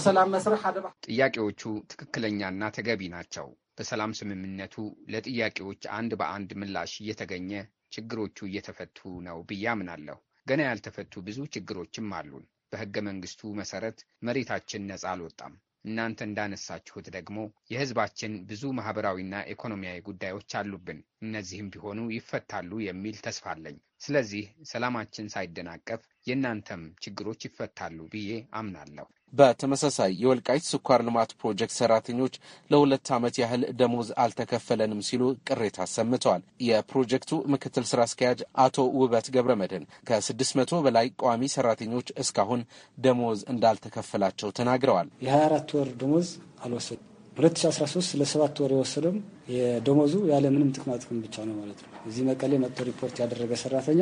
ሰላም መስርሕ ጥያቄዎቹ ትክክለኛና ተገቢ ናቸው። በሰላም ስምምነቱ ለጥያቄዎች አንድ በአንድ ምላሽ እየተገኘ ችግሮቹ እየተፈቱ ነው ብዬ አምናለሁ። ገና ያልተፈቱ ብዙ ችግሮችም አሉን። በሕገ መንግሥቱ መሠረት መሬታችን ነፃ አልወጣም። እናንተ እንዳነሳችሁት ደግሞ የሕዝባችን ብዙ ማኅበራዊና ኢኮኖሚያዊ ጉዳዮች አሉብን። እነዚህም ቢሆኑ ይፈታሉ የሚል ተስፋ አለኝ። ስለዚህ ሰላማችን ሳይደናቀፍ የእናንተም ችግሮች ይፈታሉ ብዬ አምናለሁ። በተመሳሳይ የወልቃይት ስኳር ልማት ፕሮጀክት ሰራተኞች ለሁለት ዓመት ያህል ደሞዝ አልተከፈለንም ሲሉ ቅሬታ አሰምተዋል። የፕሮጀክቱ ምክትል ስራ አስኪያጅ አቶ ውበት ገብረ መድህን ከስድስት መቶ በላይ ቋሚ ሰራተኞች እስካሁን ደሞዝ እንዳልተከፈላቸው ተናግረዋል። የ24 ወር ደሞዝ አልወሰዱም። 2013 ለሰባት ወር የወሰደም የደሞዙ ያለ ምንም ጥቅማጥቅም ብቻ ነው ማለት ነው። እዚህ መቀሌ መጥቶ ሪፖርት ያደረገ ሰራተኛ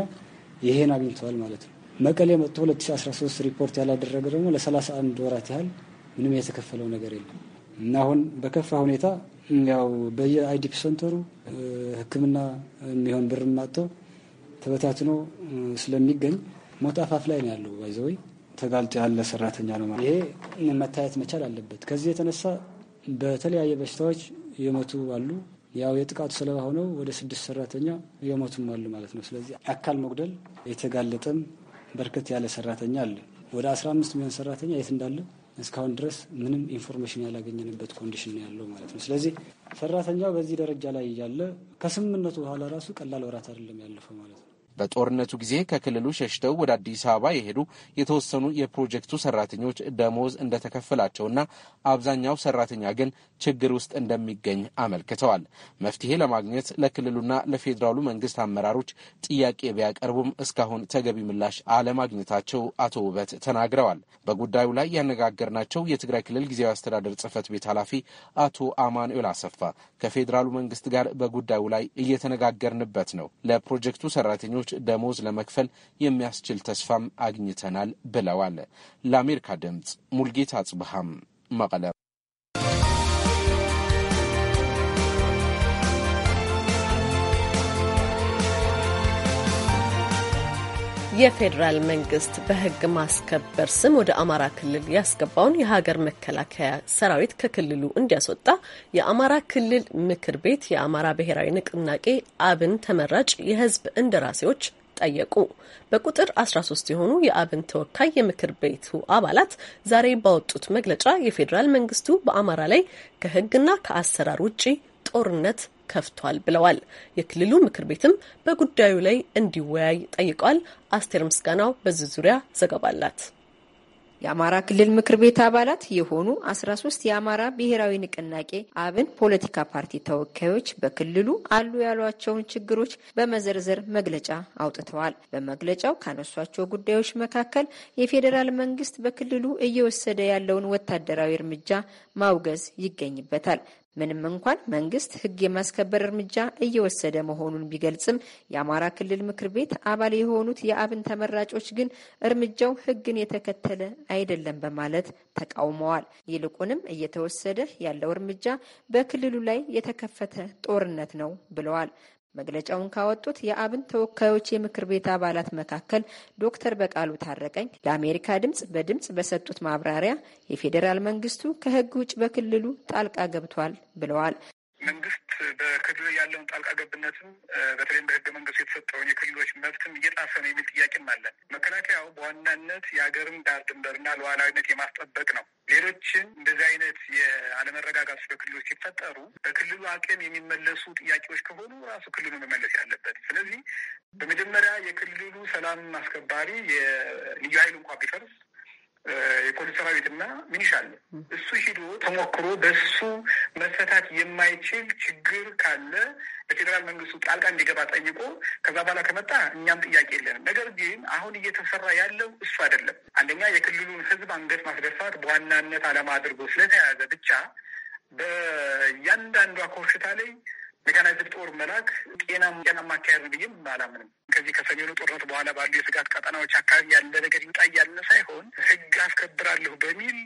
ይሄን አግኝተዋል ማለት ነው። መቀሌ መጥቶ 2013 ሪፖርት ያላደረገ ደግሞ ለ31 ወራት ያህል ምንም የተከፈለው ነገር የለም እና አሁን በከፋ ሁኔታ ያው በየአይዲፒ ሰንተሩ ሕክምና የሚሆን ብር ማጥቶ ተበታትኖ ስለሚገኝ ሞት አፋፍ ላይ ነው ያለው። ባይዘወይ ተጋልጦ ያለ ሰራተኛ ነው ማለት ይሄ መታየት መቻል አለበት። ከዚህ የተነሳ በተለያየ በሽታዎች የሞቱ አሉ። ያው የጥቃቱ ሰለባ ሆነው ወደ ስድስት ሰራተኛ የሞቱም አሉ ማለት ነው። ስለዚህ አካል መጉደል የተጋለጠም በርከት ያለ ሰራተኛ አለ። ወደ 15 ሚሊዮን ሰራተኛ የት እንዳለ እስካሁን ድረስ ምንም ኢንፎርሜሽን ያላገኘንበት ኮንዲሽን ነው ያለው ማለት ነው። ስለዚህ ሰራተኛው በዚህ ደረጃ ላይ እያለ ከስምምነቱ በኋላ ራሱ ቀላል ወራት አይደለም ያለፈው ማለት ነው። በጦርነቱ ጊዜ ከክልሉ ሸሽተው ወደ አዲስ አበባ የሄዱ የተወሰኑ የፕሮጀክቱ ሰራተኞች ደሞዝ እንደተከፈላቸውና አብዛኛው ሰራተኛ ግን ችግር ውስጥ እንደሚገኝ አመልክተዋል። መፍትሄ ለማግኘት ለክልሉና ለፌዴራሉ መንግስት አመራሮች ጥያቄ ቢያቀርቡም እስካሁን ተገቢ ምላሽ አለማግኘታቸው አቶ ውበት ተናግረዋል። በጉዳዩ ላይ ያነጋገርናቸው የትግራይ ክልል ጊዜያዊ አስተዳደር ጽህፈት ቤት ኃላፊ አቶ አማኑኤል አሰፋ ከፌዴራሉ መንግስት ጋር በጉዳዩ ላይ እየተነጋገርንበት ነው ለፕሮጀክቱ ሰራተኞች ሰራተኞች ደሞዝ ለመክፈል የሚያስችል ተስፋም አግኝተናል ብለዋል። ለአሜሪካ ድምጽ ሙልጌታ አጽብሃም መቀለ የፌዴራል መንግስት በህግ ማስከበር ስም ወደ አማራ ክልል ያስገባውን የሀገር መከላከያ ሰራዊት ከክልሉ እንዲያስወጣ የአማራ ክልል ምክር ቤት የአማራ ብሔራዊ ንቅናቄ አብን ተመራጭ የህዝብ እንደራሴዎች ጠየቁ። በቁጥር 13 የሆኑ የአብን ተወካይ የምክር ቤቱ አባላት ዛሬ ባወጡት መግለጫ የፌዴራል መንግስቱ በአማራ ላይ ከህግና ከአሰራር ውጪ ጦርነት ከፍቷል ብለዋል። የክልሉ ምክር ቤትም በጉዳዩ ላይ እንዲወያይ ጠይቋል። አስቴር ምስጋናው በዚህ ዙሪያ ዘገባ አላት። የአማራ ክልል ምክር ቤት አባላት የሆኑ አስራ ሶስት የአማራ ብሔራዊ ንቅናቄ አብን ፖለቲካ ፓርቲ ተወካዮች በክልሉ አሉ ያሏቸውን ችግሮች በመዘርዘር መግለጫ አውጥተዋል። በመግለጫው ካነሷቸው ጉዳዮች መካከል የፌዴራል መንግስት በክልሉ እየወሰደ ያለውን ወታደራዊ እርምጃ ማውገዝ ይገኝበታል። ምንም እንኳን መንግስት ህግ የማስከበር እርምጃ እየወሰደ መሆኑን ቢገልጽም የአማራ ክልል ምክር ቤት አባል የሆኑት የአብን ተመራጮች ግን እርምጃው ህግን የተከተለ አይደለም በማለት ተቃውመዋል። ይልቁንም እየተወሰደ ያለው እርምጃ በክልሉ ላይ የተከፈተ ጦርነት ነው ብለዋል። መግለጫውን ካወጡት የአብን ተወካዮች የምክር ቤት አባላት መካከል ዶክተር በቃሉ ታረቀኝ ለአሜሪካ ድምፅ በድምፅ በሰጡት ማብራሪያ የፌዴራል መንግስቱ ከህግ ውጭ በክልሉ ጣልቃ ገብቷል ብለዋል። መንግስት በክልል ያለውን ጣልቃ ገብነትም በተለይም በህገ መንግስቱ የተሰጠውን የክልሎች መብትም እየጣሰ ነው የሚል ጥያቄም አለ። መከላከያው በዋናነት የሀገርን ዳር ድንበርና ሉዓላዊነት የማስጠበቅ ነው። ሌሎችን እንደዚህ አይነት የአለመረጋጋት በክልሎች ሲፈጠሩ በክልሉ አቅም የሚመለሱ ጥያቄዎች ከሆኑ ራሱ ክልሉ መመለስ ያለበት። ስለዚህ በመጀመሪያ የክልሉ ሰላም አስከባሪ የልዩ ኃይል እንኳ ቢፈርስ የፖሊስ ሰራዊትና ሚኒሻ አለ። እሱ ሂዶ ተሞክሮ በሱ መፈታት የማይችል ችግር ካለ በፌዴራል መንግስቱ ጣልቃ እንዲገባ ጠይቆ ከዛ በኋላ ከመጣ እኛም ጥያቄ የለንም። ነገር ግን አሁን እየተሰራ ያለው እሱ አይደለም። አንደኛ የክልሉን ህዝብ አንገት ማስደፋት በዋናነት አላማ አድርጎ ስለተያዘ ብቻ በእያንዳንዷ ኮሽታ ላይ ሜካናይዝድ ጦር መላክ ጤና ጤናማ አካሄድ ነው ብዬም አላምንም። ከዚህ ከሰሜኑ ጦርነት በኋላ ባሉ የስጋት ቀጠናዎች አካባቢ ያለ ነገር ይምጣ እያልን ሳይሆን ህግ አስከብራለሁ በሚል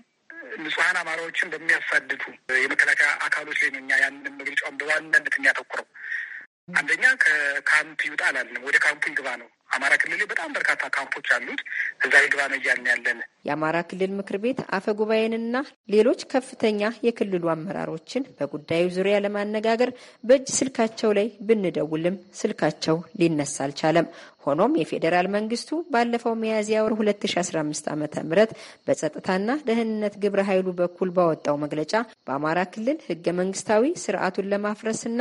ንጹሐን አማራዎችን በሚያሳድዱ የመከላከያ አካሎች ላይ ነው እኛ ያንን መግለጫውን በዋናነት የሚያተኩረው። አንደኛ ከካምፕ ይውጣ አላልንም፣ ወደ ካምፑ ይግባ ነው። አማራ ክልል በጣም በርካታ ካምፖች አሉት። እዛ ግባ ነው እያልን ያለን። የአማራ ክልል ምክር ቤት አፈ ጉባኤንና ሌሎች ከፍተኛ የክልሉ አመራሮችን በጉዳዩ ዙሪያ ለማነጋገር በእጅ ስልካቸው ላይ ብንደውልም ስልካቸው ሊነሳ አልቻለም። ሆኖም የፌዴራል መንግስቱ ባለፈው ሚያዝያ ወር 2015 ዓ ም በጸጥታና ደህንነት ግብረ ኃይሉ በኩል ባወጣው መግለጫ በአማራ ክልል ህገ መንግስታዊ ስርዓቱን ለማፍረስና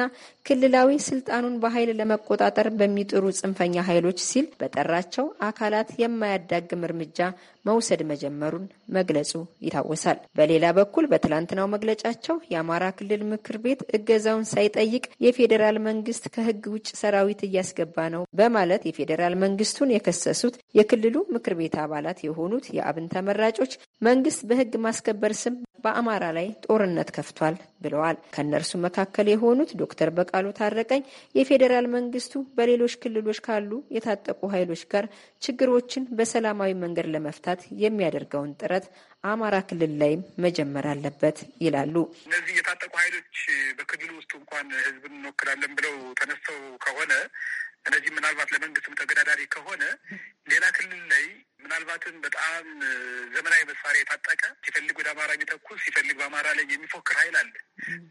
ክልላዊ ስልጣኑን በኃይል ለመቆጣጠር በሚጥሩ ጽንፈኛ ኃይሎች ሲል በጠራቸው አካላት የማያዳግም እርምጃ መውሰድ መጀመሩን መግለጹ ይታወሳል። በሌላ በኩል በትላንትናው መግለጫቸው የአማራ ክልል ምክር ቤት እገዛውን ሳይጠይቅ የፌዴራል መንግስት ከህግ ውጭ ሰራዊት እያስገባ ነው በማለት የፌዴራል መንግስቱን የከሰሱት የክልሉ ምክር ቤት አባላት የሆኑት የአብን ተመራጮች መንግስት በህግ ማስከበር ስም በአማራ ላይ ጦርነት ከፍቷል ብለዋል። ከእነርሱ መካከል የሆኑት ዶክተር በቃሉ ታረቀኝ የፌዴራል መንግስቱ በሌሎች ክልሎች ካሉ የታጠቁ ኃይሎች ጋር ችግሮችን በሰላማዊ መንገድ ለመፍታት የሚያደርገውን ጥረት አማራ ክልል ላይም መጀመር አለበት ይላሉ። እነዚህ የታጠቁ ኃይሎች በክልሉ ውስጥ እንኳን ህዝብን እንወክላለን ብለው ተነስተው ከሆነ እነዚህ ምናልባት ለመንግስትም ተገዳዳሪ ከሆነ ሌላ ክልል ላይ ምናልባትም በጣም ዘመናዊ መሳሪያ የታጠቀ ሲፈልግ ወደ አማራ የሚተኩስ ሲፈልግ በአማራ ላይ የሚፎክር ኃይል አለ።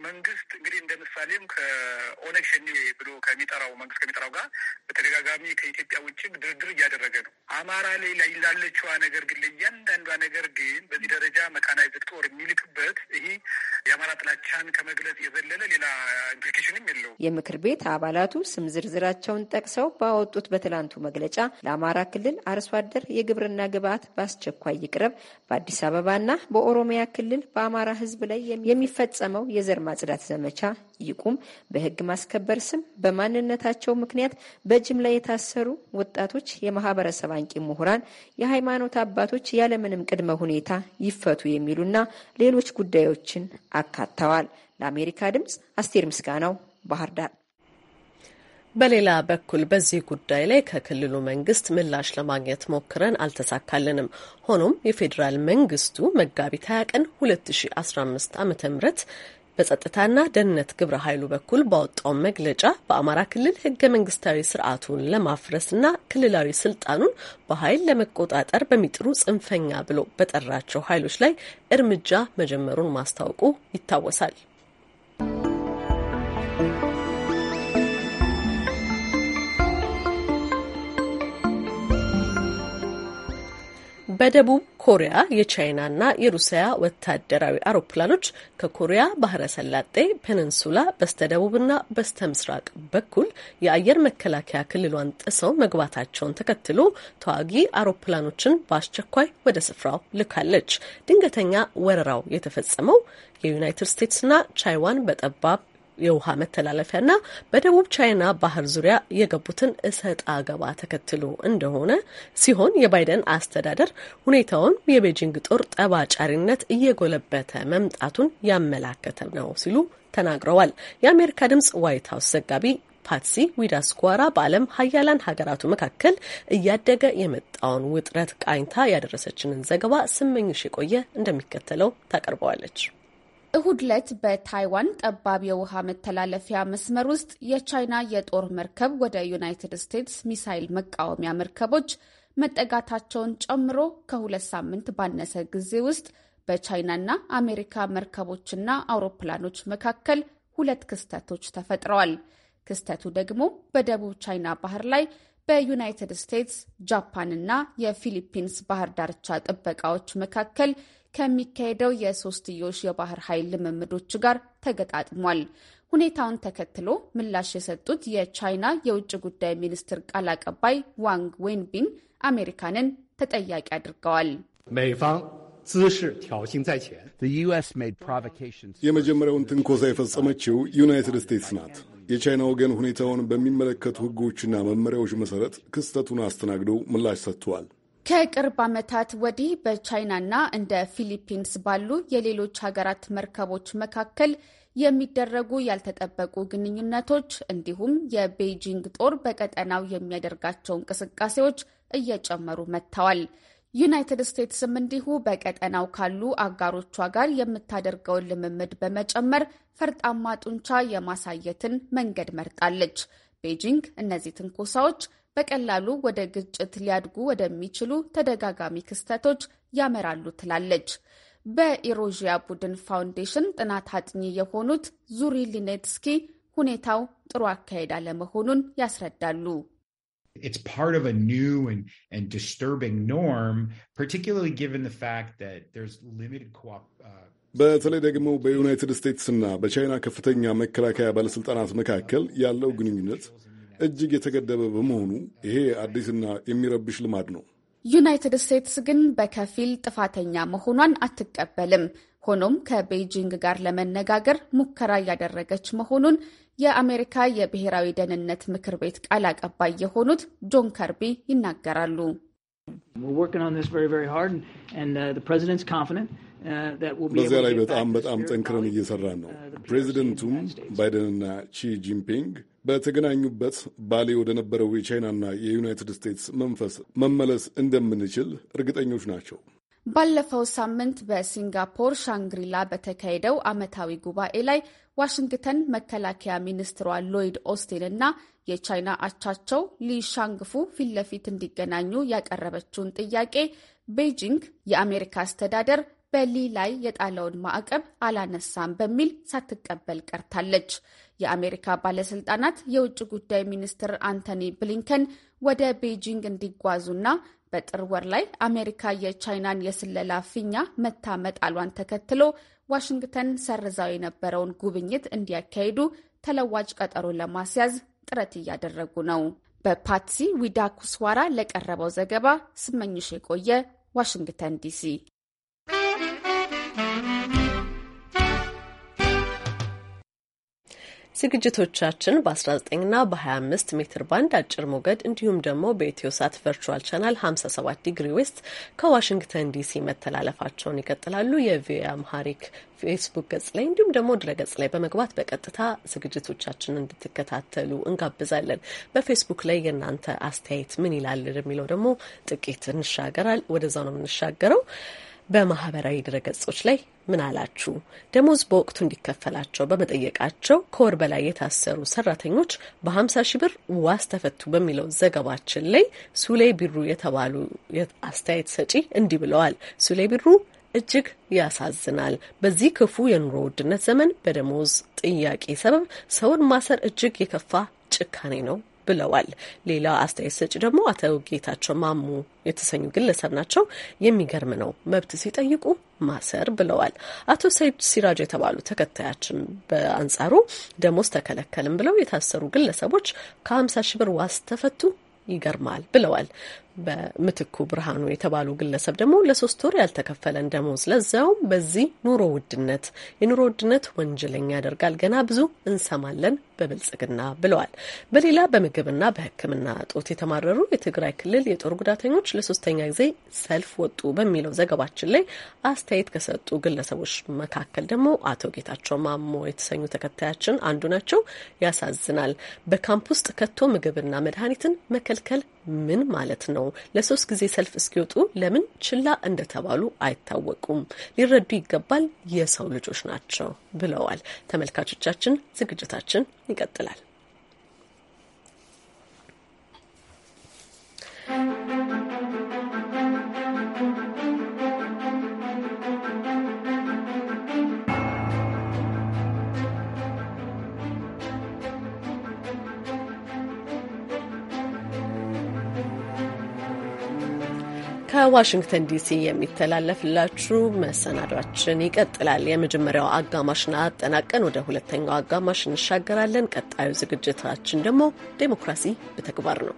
መንግስት እንግዲህ እንደ ምሳሌም ከኦነግ ሸኔ ብሎ ከሚጠራው መንግስት ከሚጠራው ጋር በተደጋጋሚ ከኢትዮጵያ ውጭ ድርድር እያደረገ ነው። አማራ ላይ ላይ ላለችዋ ነገር ግን ለእያንዳንዷ ነገር ግን በዚህ ደረጃ መካናይዝድ ጦር የሚልክበት ይህ የአማራ ጥላቻን ከመግለጽ የዘለለ ሌላ ኢምፕሊኬሽንም የለው የምክር ቤት አባላቱ ስም ዝርዝራቸውን ጠቅሰው ባወጡት በትላንቱ መግለጫ ለአማራ ክልል አርሶ አደር የግብ የግብርና ግብዓት በአስቸኳይ ይቅረብ፣ በአዲስ አበባና በኦሮሚያ ክልል በአማራ ሕዝብ ላይ የሚፈጸመው የዘር ማጽዳት ዘመቻ ይቁም፣ በህግ ማስከበር ስም በማንነታቸው ምክንያት በጅምላ የታሰሩ ወጣቶች፣ የማህበረሰብ አንቂ ምሁራን፣ የሃይማኖት አባቶች ያለምንም ቅድመ ሁኔታ ይፈቱ የሚሉና ሌሎች ጉዳዮችን አካተዋል። ለአሜሪካ ድምጽ አስቴር ምስጋናው ባህር ዳር። በሌላ በኩል በዚህ ጉዳይ ላይ ከክልሉ መንግስት ምላሽ ለማግኘት ሞክረን አልተሳካልንም። ሆኖም የፌዴራል መንግስቱ መጋቢት 20 ቀን 2015 ዓ ም በጸጥታና ደህንነት ግብረ ኃይሉ በኩል ባወጣው መግለጫ በአማራ ክልል ህገ መንግስታዊ ስርዓቱን ለማፍረስና ክልላዊ ስልጣኑን በኃይል ለመቆጣጠር በሚጥሩ ጽንፈኛ ብሎ በጠራቸው ኃይሎች ላይ እርምጃ መጀመሩን ማስታወቁ ይታወሳል። በደቡብ ኮሪያ የቻይናና የሩሲያ ወታደራዊ አውሮፕላኖች ከኮሪያ ባህረ ሰላጤ ፔኒንሱላ በስተደቡብና በስተ ምስራቅ በኩል የአየር መከላከያ ክልሏን ጥሰው መግባታቸውን ተከትሎ ተዋጊ አውሮፕላኖችን በአስቸኳይ ወደ ስፍራው ልካለች። ድንገተኛ ወረራው የተፈጸመው የዩናይትድ ስቴትስና ቻይዋን በጠባብ የውሃ መተላለፊያና በደቡብ ቻይና ባህር ዙሪያ የገቡትን እሰጥ አገባ ተከትሎ እንደሆነ ሲሆን የባይደን አስተዳደር ሁኔታውን የቤጂንግ ጦር ጠባጫሪነት እየጎለበተ መምጣቱን ያመላከተ ነው ሲሉ ተናግረዋል። የአሜሪካ ድምጽ ዋይት ሀውስ ዘጋቢ ፓትሲ ዊዳስኳራ በዓለም ሀያላን ሀገራቱ መካከል እያደገ የመጣውን ውጥረት ቃኝታ ያደረሰችንን ዘገባ ስመኝሽ የቆየ እንደሚከተለው ታቀርበዋለች። እሁድ ዕለት በታይዋን ጠባብ የውሃ መተላለፊያ መስመር ውስጥ የቻይና የጦር መርከብ ወደ ዩናይትድ ስቴትስ ሚሳይል መቃወሚያ መርከቦች መጠጋታቸውን ጨምሮ ከሁለት ሳምንት ባነሰ ጊዜ ውስጥ በቻይናና አሜሪካ መርከቦችና አውሮፕላኖች መካከል ሁለት ክስተቶች ተፈጥረዋል። ክስተቱ ደግሞ በደቡብ ቻይና ባህር ላይ በዩናይትድ ስቴትስ፣ ጃፓንና የፊሊፒንስ ባህር ዳርቻ ጥበቃዎች መካከል ከሚካሄደው የሶስትዮሽ የባህር ኃይል ልምምዶች ጋር ተገጣጥሟል። ሁኔታውን ተከትሎ ምላሽ የሰጡት የቻይና የውጭ ጉዳይ ሚኒስትር ቃል አቀባይ ዋንግ ዌንቢን አሜሪካንን ተጠያቂ አድርገዋል። የመጀመሪያውን ትንኮሳ የፈጸመችው ዩናይትድ ስቴትስ ናት። የቻይና ወገን ሁኔታውን በሚመለከቱ ሕጎችና መመሪያዎች መሰረት ክስተቱን አስተናግዶ ምላሽ ሰጥቷል። ከቅርብ ዓመታት ወዲህ በቻይናና እንደ ፊሊፒንስ ባሉ የሌሎች ሀገራት መርከቦች መካከል የሚደረጉ ያልተጠበቁ ግንኙነቶች እንዲሁም የቤይጂንግ ጦር በቀጠናው የሚያደርጋቸው እንቅስቃሴዎች እየጨመሩ መጥተዋል። ዩናይትድ ስቴትስም እንዲሁ በቀጠናው ካሉ አጋሮቿ ጋር የምታደርገውን ልምምድ በመጨመር ፈርጣማ ጡንቻ የማሳየትን መንገድ መርጣለች። ቤጂንግ እነዚህ ትንኮሳዎች በቀላሉ ወደ ግጭት ሊያድጉ ወደሚችሉ ተደጋጋሚ ክስተቶች ያመራሉ ትላለች። በኢሮዥያ ቡድን ፋውንዴሽን ጥናት አጥኚ የሆኑት ዙሪ ሊኔትስኪ ሁኔታው ጥሩ አካሄድ አለመሆኑን ያስረዳሉ። uh, በተለይ ደግሞ በዩናይትድ ስቴትስ ና በቻይና ከፍተኛ መከላከያ ባለስልጣናት መካከል ያለው ግንኙነት እጅግ የተገደበ በመሆኑ ይሄ አዲስና የሚረብሽ ልማድ ነው። ዩናይትድ ስቴትስ ግን በከፊል ጥፋተኛ መሆኗን አትቀበልም። ሆኖም ከቤይጂንግ ጋር ለመነጋገር ሙከራ እያደረገች መሆኑን የአሜሪካ የብሔራዊ ደህንነት ምክር ቤት ቃል አቀባይ የሆኑት ጆን ከርቢ ይናገራሉ። uh, uh, በዚያ ላይ በጣም በጣም ጠንክረን uh, እየሰራን ነው። ፕሬዚደንቱም ባይደንና ቺ ጂንፒንግ በተገናኙበት ባሌ ወደ ነበረው የቻይናና የዩናይትድ ስቴትስ መንፈስ መመለስ እንደምንችል እርግጠኞች ናቸው። ባለፈው ሳምንት በሲንጋፖር ሻንግሪላ በተካሄደው ዓመታዊ ጉባኤ ላይ ዋሽንግተን መከላከያ ሚኒስትሯ ሎይድ ኦስቲን እና የቻይና አቻቸው ሊሻንግፉ ፊት ለፊት እንዲገናኙ ያቀረበችውን ጥያቄ ቤጂንግ የአሜሪካ አስተዳደር በሊ ላይ የጣለውን ማዕቀብ አላነሳም በሚል ሳትቀበል ቀርታለች። የአሜሪካ ባለስልጣናት የውጭ ጉዳይ ሚኒስትር አንቶኒ ብሊንከን ወደ ቤይጂንግ እንዲጓዙና በጥር ወር ላይ አሜሪካ የቻይናን የስለላ ፊኛ መታ መጣሏን ተከትሎ ዋሽንግተን ሰርዛው የነበረውን ጉብኝት እንዲያካሂዱ ተለዋጭ ቀጠሮ ለማስያዝ ጥረት እያደረጉ ነው። በፓትሲ ዊዳኩስዋራ ለቀረበው ዘገባ ስመኝሽ የቆየ ዋሽንግተን ዲሲ። ዝግጅቶቻችን በ19 ና በ25 ሜትር ባንድ አጭር ሞገድ እንዲሁም ደግሞ በኢትዮ ሳት ቨርቹዋል ቻናል 57 ዲግሪ ዌስት ከዋሽንግተን ዲሲ መተላለፋቸውን ይቀጥላሉ። የቪኦኤ አምሃሪክ ፌስቡክ ገጽ ላይ እንዲሁም ደግሞ ድረ ገጽ ላይ በመግባት በቀጥታ ዝግጅቶቻችን እንድትከታተሉ እንጋብዛለን። በፌስቡክ ላይ የእናንተ አስተያየት ምን ይላል የሚለው ደግሞ ጥቂት እንሻገራል። ወደዛው ነው የምንሻገረው። በማህበራዊ ድረገጾች ላይ ምን አላችሁ? ደሞዝ በወቅቱ እንዲከፈላቸው በመጠየቃቸው ከወር በላይ የታሰሩ ሰራተኞች በ50 ሺ ብር ዋስ ተፈቱ በሚለው ዘገባችን ላይ ሱሌ ቢሩ የተባሉ አስተያየት ሰጪ እንዲህ ብለዋል። ሱሌ ቢሩ እጅግ ያሳዝናል። በዚህ ክፉ የኑሮ ውድነት ዘመን በደሞዝ ጥያቄ ሰበብ ሰውን ማሰር እጅግ የከፋ ጭካኔ ነው ብለዋል። ሌላ አስተያየት ሰጪ ደግሞ አቶ ጌታቸው ማሙ የተሰኙ ግለሰብ ናቸው። የሚገርም ነው መብት ሲጠይቁ ማሰር ብለዋል። አቶ ሰይድ ሲራጅ የተባሉ ተከታያችን በአንጻሩ ደሞዝ ተከለከልም ብለው የታሰሩ ግለሰቦች ከ50 ሺ ብር ዋስ ተፈቱ ይገርማል ብለዋል። በምትኩ ብርሃኑ የተባሉ ግለሰብ ደግሞ ለሶስት ወር ያልተከፈለን ደሞዝ ለዚያውም በዚህ ኑሮ ውድነት የኑሮ ውድነት ወንጀለኛ ያደርጋል፣ ገና ብዙ እንሰማለን በብልጽግና ብለዋል። በሌላ በምግብና በሕክምና እጦት የተማረሩ የትግራይ ክልል የጦር ጉዳተኞች ለሶስተኛ ጊዜ ሰልፍ ወጡ በሚለው ዘገባችን ላይ አስተያየት ከሰጡ ግለሰቦች መካከል ደግሞ አቶ ጌታቸው ማሞ የተሰኙ ተከታያችን አንዱ ናቸው። ያሳዝናል። በካምፕ ውስጥ ከቶ ምግብና መድኃኒትን መከልከል ምን ማለት ነው? ለሶስት ጊዜ ሰልፍ እስኪወጡ ለምን ችላ እንደተባሉ አይታወቁም። ሊረዱ ይገባል፣ የሰው ልጆች ናቸው ብለዋል። ተመልካቾቻችን፣ ዝግጅታችን ይቀጥላል። ከዋሽንግተን ዲሲ የሚተላለፍላችሁ መሰናዷችን ይቀጥላል። የመጀመሪያው አጋማሽን አጠናቀን ወደ ሁለተኛው አጋማሽ እንሻገራለን። ቀጣዩ ዝግጅታችን ደግሞ ዴሞክራሲ በተግባር ነው።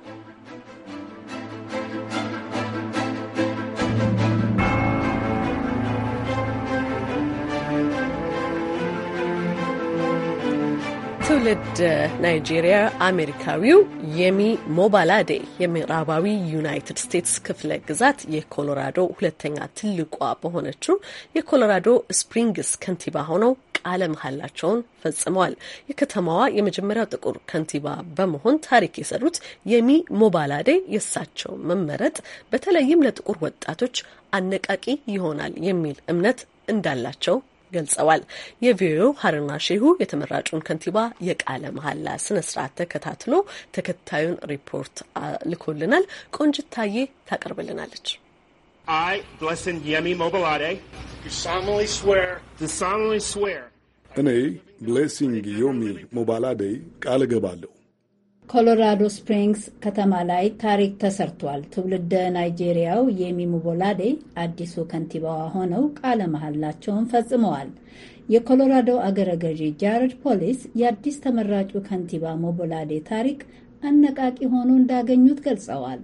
ትውልድ ናይጄሪያ አሜሪካዊው የሚ ሞባላዴ የምዕራባዊ ዩናይትድ ስቴትስ ክፍለ ግዛት የኮሎራዶ ሁለተኛ ትልቋ በሆነችው የኮሎራዶ ስፕሪንግስ ከንቲባ ሆነው ቃለ መሐላቸውን ፈጽመዋል። የከተማዋ የመጀመሪያው ጥቁር ከንቲባ በመሆን ታሪክ የሰሩት የሚ ሞባላዴ የእሳቸው መመረጥ በተለይም ለጥቁር ወጣቶች አነቃቂ ይሆናል የሚል እምነት እንዳላቸው ገልጸዋል። የቪኦኤው ሀርና ሼሁ የተመራጩን ከንቲባ የቃለ መሀላ ስነ ስርዓት ተከታትሎ ተከታዩን ሪፖርት ልኮልናል። ቆንጅታዬ ታቀርብልናለች። እኔ ብሌሲንግ ዮሚ ሞባላዴይ ቃል እገባለሁ ኮሎራዶ ስፕሪንግስ ከተማ ላይ ታሪክ ተሰርቷል። ትውልደ ናይጄሪያው የሚ ሙቦላዴ አዲሱ ከንቲባዋ ሆነው ቃለ መሐላቸውን ፈጽመዋል። የኮሎራዶ አገረ ገዢ ጃረድ ፖሊስ የአዲስ ተመራጩ ከንቲባ ሞቦላዴ ታሪክ አነቃቂ ሆኖ እንዳገኙት ገልጸዋል።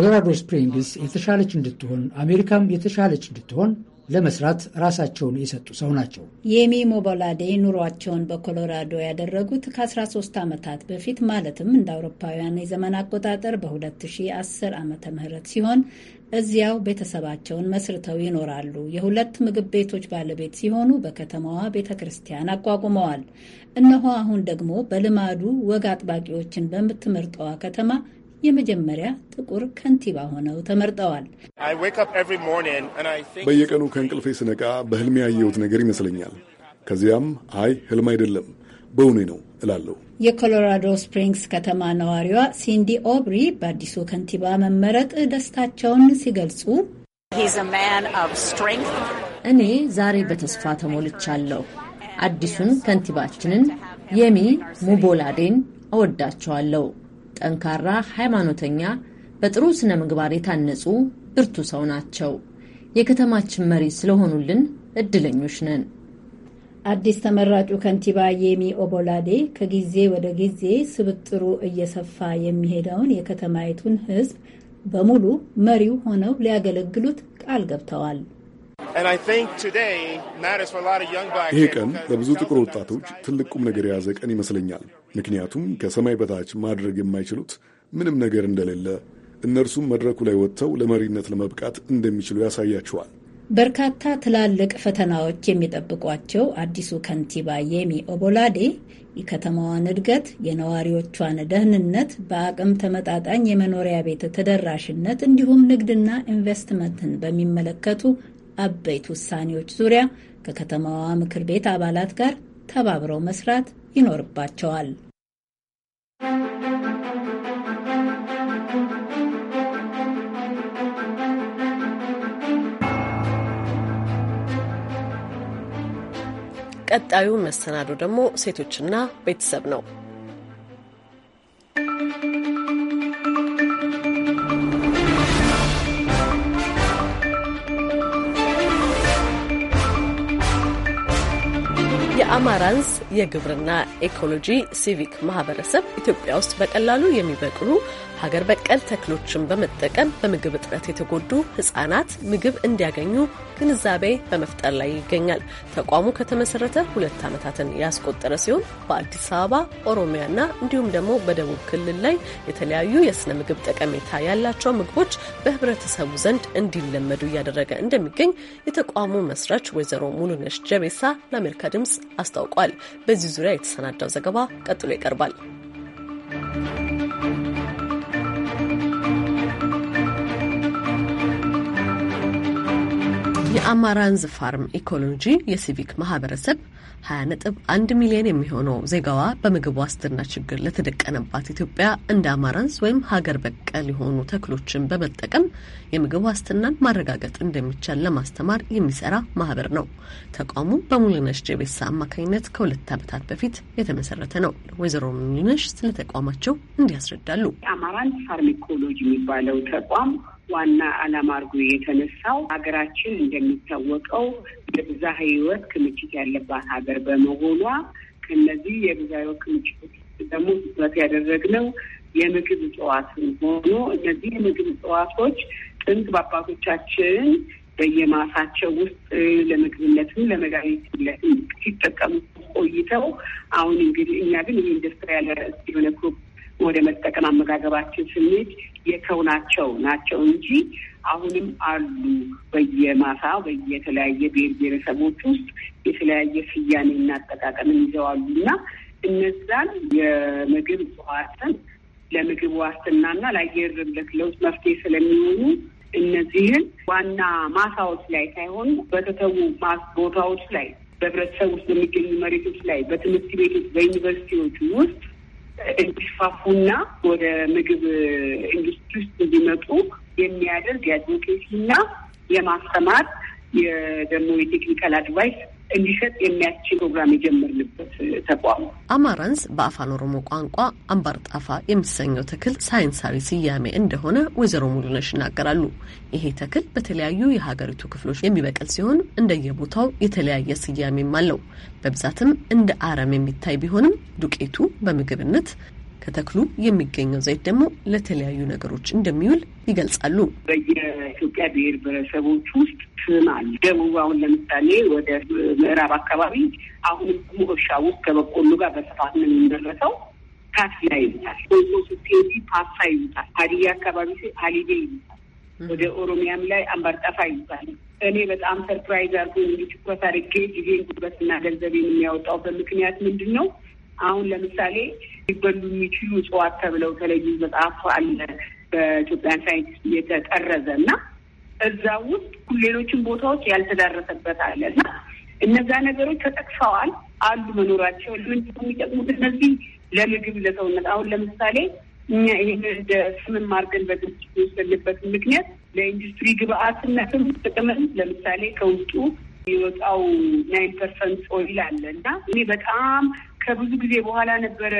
ኮሎራዶ ስፕሪንግስ የተሻለች እንድትሆን አሜሪካም የተሻለች እንድትሆን ለመስራት ራሳቸውን የሰጡ ሰው ናቸው። የሚ ሞባላዴ ኑሯቸውን በኮሎራዶ ያደረጉት ከ13 ዓመታት በፊት ማለትም እንደ አውሮፓውያን የዘመን አቆጣጠር በ2010 ዓመተ ምህረት ሲሆን እዚያው ቤተሰባቸውን መስርተው ይኖራሉ። የሁለት ምግብ ቤቶች ባለቤት ሲሆኑ በከተማዋ ቤተ ክርስቲያን አቋቁመዋል። እነሆ አሁን ደግሞ በልማዱ ወግ አጥባቂዎችን በምትመርጠዋ ከተማ የመጀመሪያ ጥቁር ከንቲባ ሆነው ተመርጠዋል። በየቀኑ ከእንቅልፌ ስነቃ በህልሜ ያየሁት ነገር ይመስለኛል። ከዚያም አይ ህልም አይደለም በውኔ ነው እላለሁ። የኮሎራዶ ስፕሪንግስ ከተማ ነዋሪዋ ሲንዲ ኦብሪ በአዲሱ ከንቲባ መመረጥ ደስታቸውን ሲገልጹ እኔ ዛሬ በተስፋ ተሞልቻለሁ። አዲሱን ከንቲባችንን የሚ ሙቦላዴን እወዳቸዋለሁ። ጠንካራ ሃይማኖተኛ፣ በጥሩ ስነ ምግባር የታነጹ ብርቱ ሰው ናቸው። የከተማችን መሪ ስለሆኑልን እድለኞች ነን። አዲስ ተመራጩ ከንቲባ የሚ ኦቦላዴ ከጊዜ ወደ ጊዜ ስብጥሩ እየሰፋ የሚሄደውን የከተማይቱን ሕዝብ በሙሉ መሪው ሆነው ሊያገለግሉት ቃል ገብተዋል። ይሄ ቀን ለብዙ ጥቁር ወጣቶች ትልቅ ቁም ነገር የያዘ ቀን ይመስለኛል። ምክንያቱም ከሰማይ በታች ማድረግ የማይችሉት ምንም ነገር እንደሌለ እነርሱም መድረኩ ላይ ወጥተው ለመሪነት ለመብቃት እንደሚችሉ ያሳያቸዋል። በርካታ ትላልቅ ፈተናዎች የሚጠብቋቸው አዲሱ ከንቲባ የሚ ኦቦላዴ የከተማዋን እድገት፣ የነዋሪዎቿን ደህንነት፣ በአቅም ተመጣጣኝ የመኖሪያ ቤት ተደራሽነት እንዲሁም ንግድና ኢንቨስትመንትን በሚመለከቱ አበይት ውሳኔዎች ዙሪያ ከከተማዋ ምክር ቤት አባላት ጋር ተባብረው መስራት ይኖርባቸዋል። ቀጣዩ መሰናዶ ደግሞ ሴቶችና ቤተሰብ ነው። አማራንስ የግብርና ኢኮሎጂ ሲቪክ ማህበረሰብ ኢትዮጵያ ውስጥ በቀላሉ የሚበቅሉ ሀገር በቀል ተክሎችን በመጠቀም በምግብ እጥረት የተጎዱ ህጻናት ምግብ እንዲያገኙ ግንዛቤ በመፍጠር ላይ ይገኛል። ተቋሙ ከተመሰረተ ሁለት ዓመታትን ያስቆጠረ ሲሆን በአዲስ አበባ፣ ኦሮሚያና እንዲሁም ደግሞ በደቡብ ክልል ላይ የተለያዩ የስነ ምግብ ጠቀሜታ ያላቸው ምግቦች በህብረተሰቡ ዘንድ እንዲለመዱ እያደረገ እንደሚገኝ የተቋሙ መስራች ወይዘሮ ሙሉነሽ ጀቤሳ ለአሜሪካ ድምፅ አስታውቋል። በዚህ ዙሪያ የተሰናዳው ዘገባ ቀጥሎ ይቀርባል። የአማራንዝ ፋርም ኢኮሎጂ የሲቪክ ማህበረሰብ 20.1 ሚሊዮን የሚሆነው ዜጋዋ በምግብ ዋስትና ችግር ለተደቀነባት ኢትዮጵያ እንደ አማራንዝ ወይም ሀገር በቀል የሆኑ ተክሎችን በመጠቀም የምግብ ዋስትናን ማረጋገጥ እንደሚቻል ለማስተማር የሚሰራ ማህበር ነው። ተቋሙ በሙሉነሽ ጀቤሳ አማካኝነት ከሁለት ዓመታት በፊት የተመሰረተ ነው። ወይዘሮ ሙሉነሽ ስለ ተቋማቸው እንዲያስረዳሉ። የአማራንዝ ፋርም ኢኮሎጂ የሚባለው ተቋም ዋና ዓላማ አድርጎ የተነሳው ሀገራችን እንደሚታወቀው የብዛ ህይወት ክምችት ያለባት ሀገር በመሆኗ ከነዚህ የብዛ ህይወት ክምችት ደግሞ ትኩረት ያደረግነው የምግብ እጽዋት ሆኖ እነዚህ የምግብ እጽዋቶች ጥንት በአባቶቻችን በየማሳቸው ውስጥ ለምግብነትም ለመድኃኒትነትም ሲጠቀሙ ቆይተው አሁን እንግዲህ እኛ ግን ይህ ኢንዱስትሪ ያለ የሆነ ወደ መጠቀም አመጋገባችን ስንሄድ የተውናቸው ናቸው እንጂ አሁንም አሉ። በየማሳ በየተለያየ ብሔር ብሔረሰቦች ውስጥ የተለያየ ስያሜና አጠቃቀምን ይዘዋሉ እና እነዛን የምግብ ዋስን ለምግብ ዋስትናና ለአየር ንብረት ለውጥ መፍትሄ ስለሚሆኑ እነዚህን ዋና ማሳዎች ላይ ሳይሆን በተተዉ ቦታዎች ላይ በህብረተሰብ ውስጥ በሚገኙ መሬቶች ላይ በትምህርት ቤቶች በዩኒቨርሲቲዎች ውስጥ እንዲፋፉና ወደ ምግብ ኢንዱስትሪ ውስጥ እንዲመጡ የሚያደርግ የአድቮኬሲና የማስተማር የደግሞ የቴክኒካል አድቫይስ እንዲሰጥ የሚያስችል ፕሮግራም የጀመርንበት ተቋም። አማራንስ በአፋን ኦሮሞ ቋንቋ አምባርጣፋ የሚሰኘው ተክል ሳይንሳዊ ስያሜ እንደሆነ ወይዘሮ ሙሉነሽ ይናገራሉ። ይሄ ተክል በተለያዩ የሀገሪቱ ክፍሎች የሚበቅል ሲሆን እንደየቦታው የተለያየ ስያሜም አለው። በብዛትም እንደ አረም የሚታይ ቢሆንም ዱቄቱ በምግብነት ከተክሉ የሚገኘው ዘይት ደግሞ ለተለያዩ ነገሮች እንደሚውል ይገልጻሉ። በየኢትዮጵያ ብሔር ብሔረሰቦች ውስጥ ስም አለ። ደቡብ አሁን ለምሳሌ ወደ ምዕራብ አካባቢ አሁንም እርሻ ውስጥ ከበቆሎ ጋር በስፋት ነው የሚመረተው። ካፊያ ይሉታል። ወይሶ ስትሄጂ ፓሳ ይሉታል። ሀዲያ አካባቢ ሀሊቤ ይሉታል። ወደ ኦሮሚያም ላይ አምባርጠፋ ይሉታል። እኔ በጣም ሰርፕራይዝ አርጎ እንዲ ትኩረት አድርጌ ጊዜ ጉልበትና ገንዘብ የሚያወጣው በምክንያት ምንድን ነው? አሁን ለምሳሌ ሊበሉ የሚችሉ እጽዋት ተብለው ተለዩ መጽሐፍ አለ በኢትዮጵያን ሳይንስ እየተጠረዘ እና እዛ ውስጥ ሌሎችን ቦታዎች ያልተዳረሰበት አለ እና እነዛ ነገሮች ተጠቅሰዋል አሉ መኖራቸው ለምን የሚጠቅሙት እነዚህ ለምግብ ለሰውነት አሁን ለምሳሌ እኛ ይህን እንደ ስምም አድርገን በድርጅት የወሰንበት ምክንያት ለኢንዱስትሪ ግብአትነትም ጥቅምም ለምሳሌ ከውስጡ የወጣው ናይን ፐርሰንት ኦይል አለ እና እኔ በጣም ከብዙ ጊዜ በኋላ ነበረ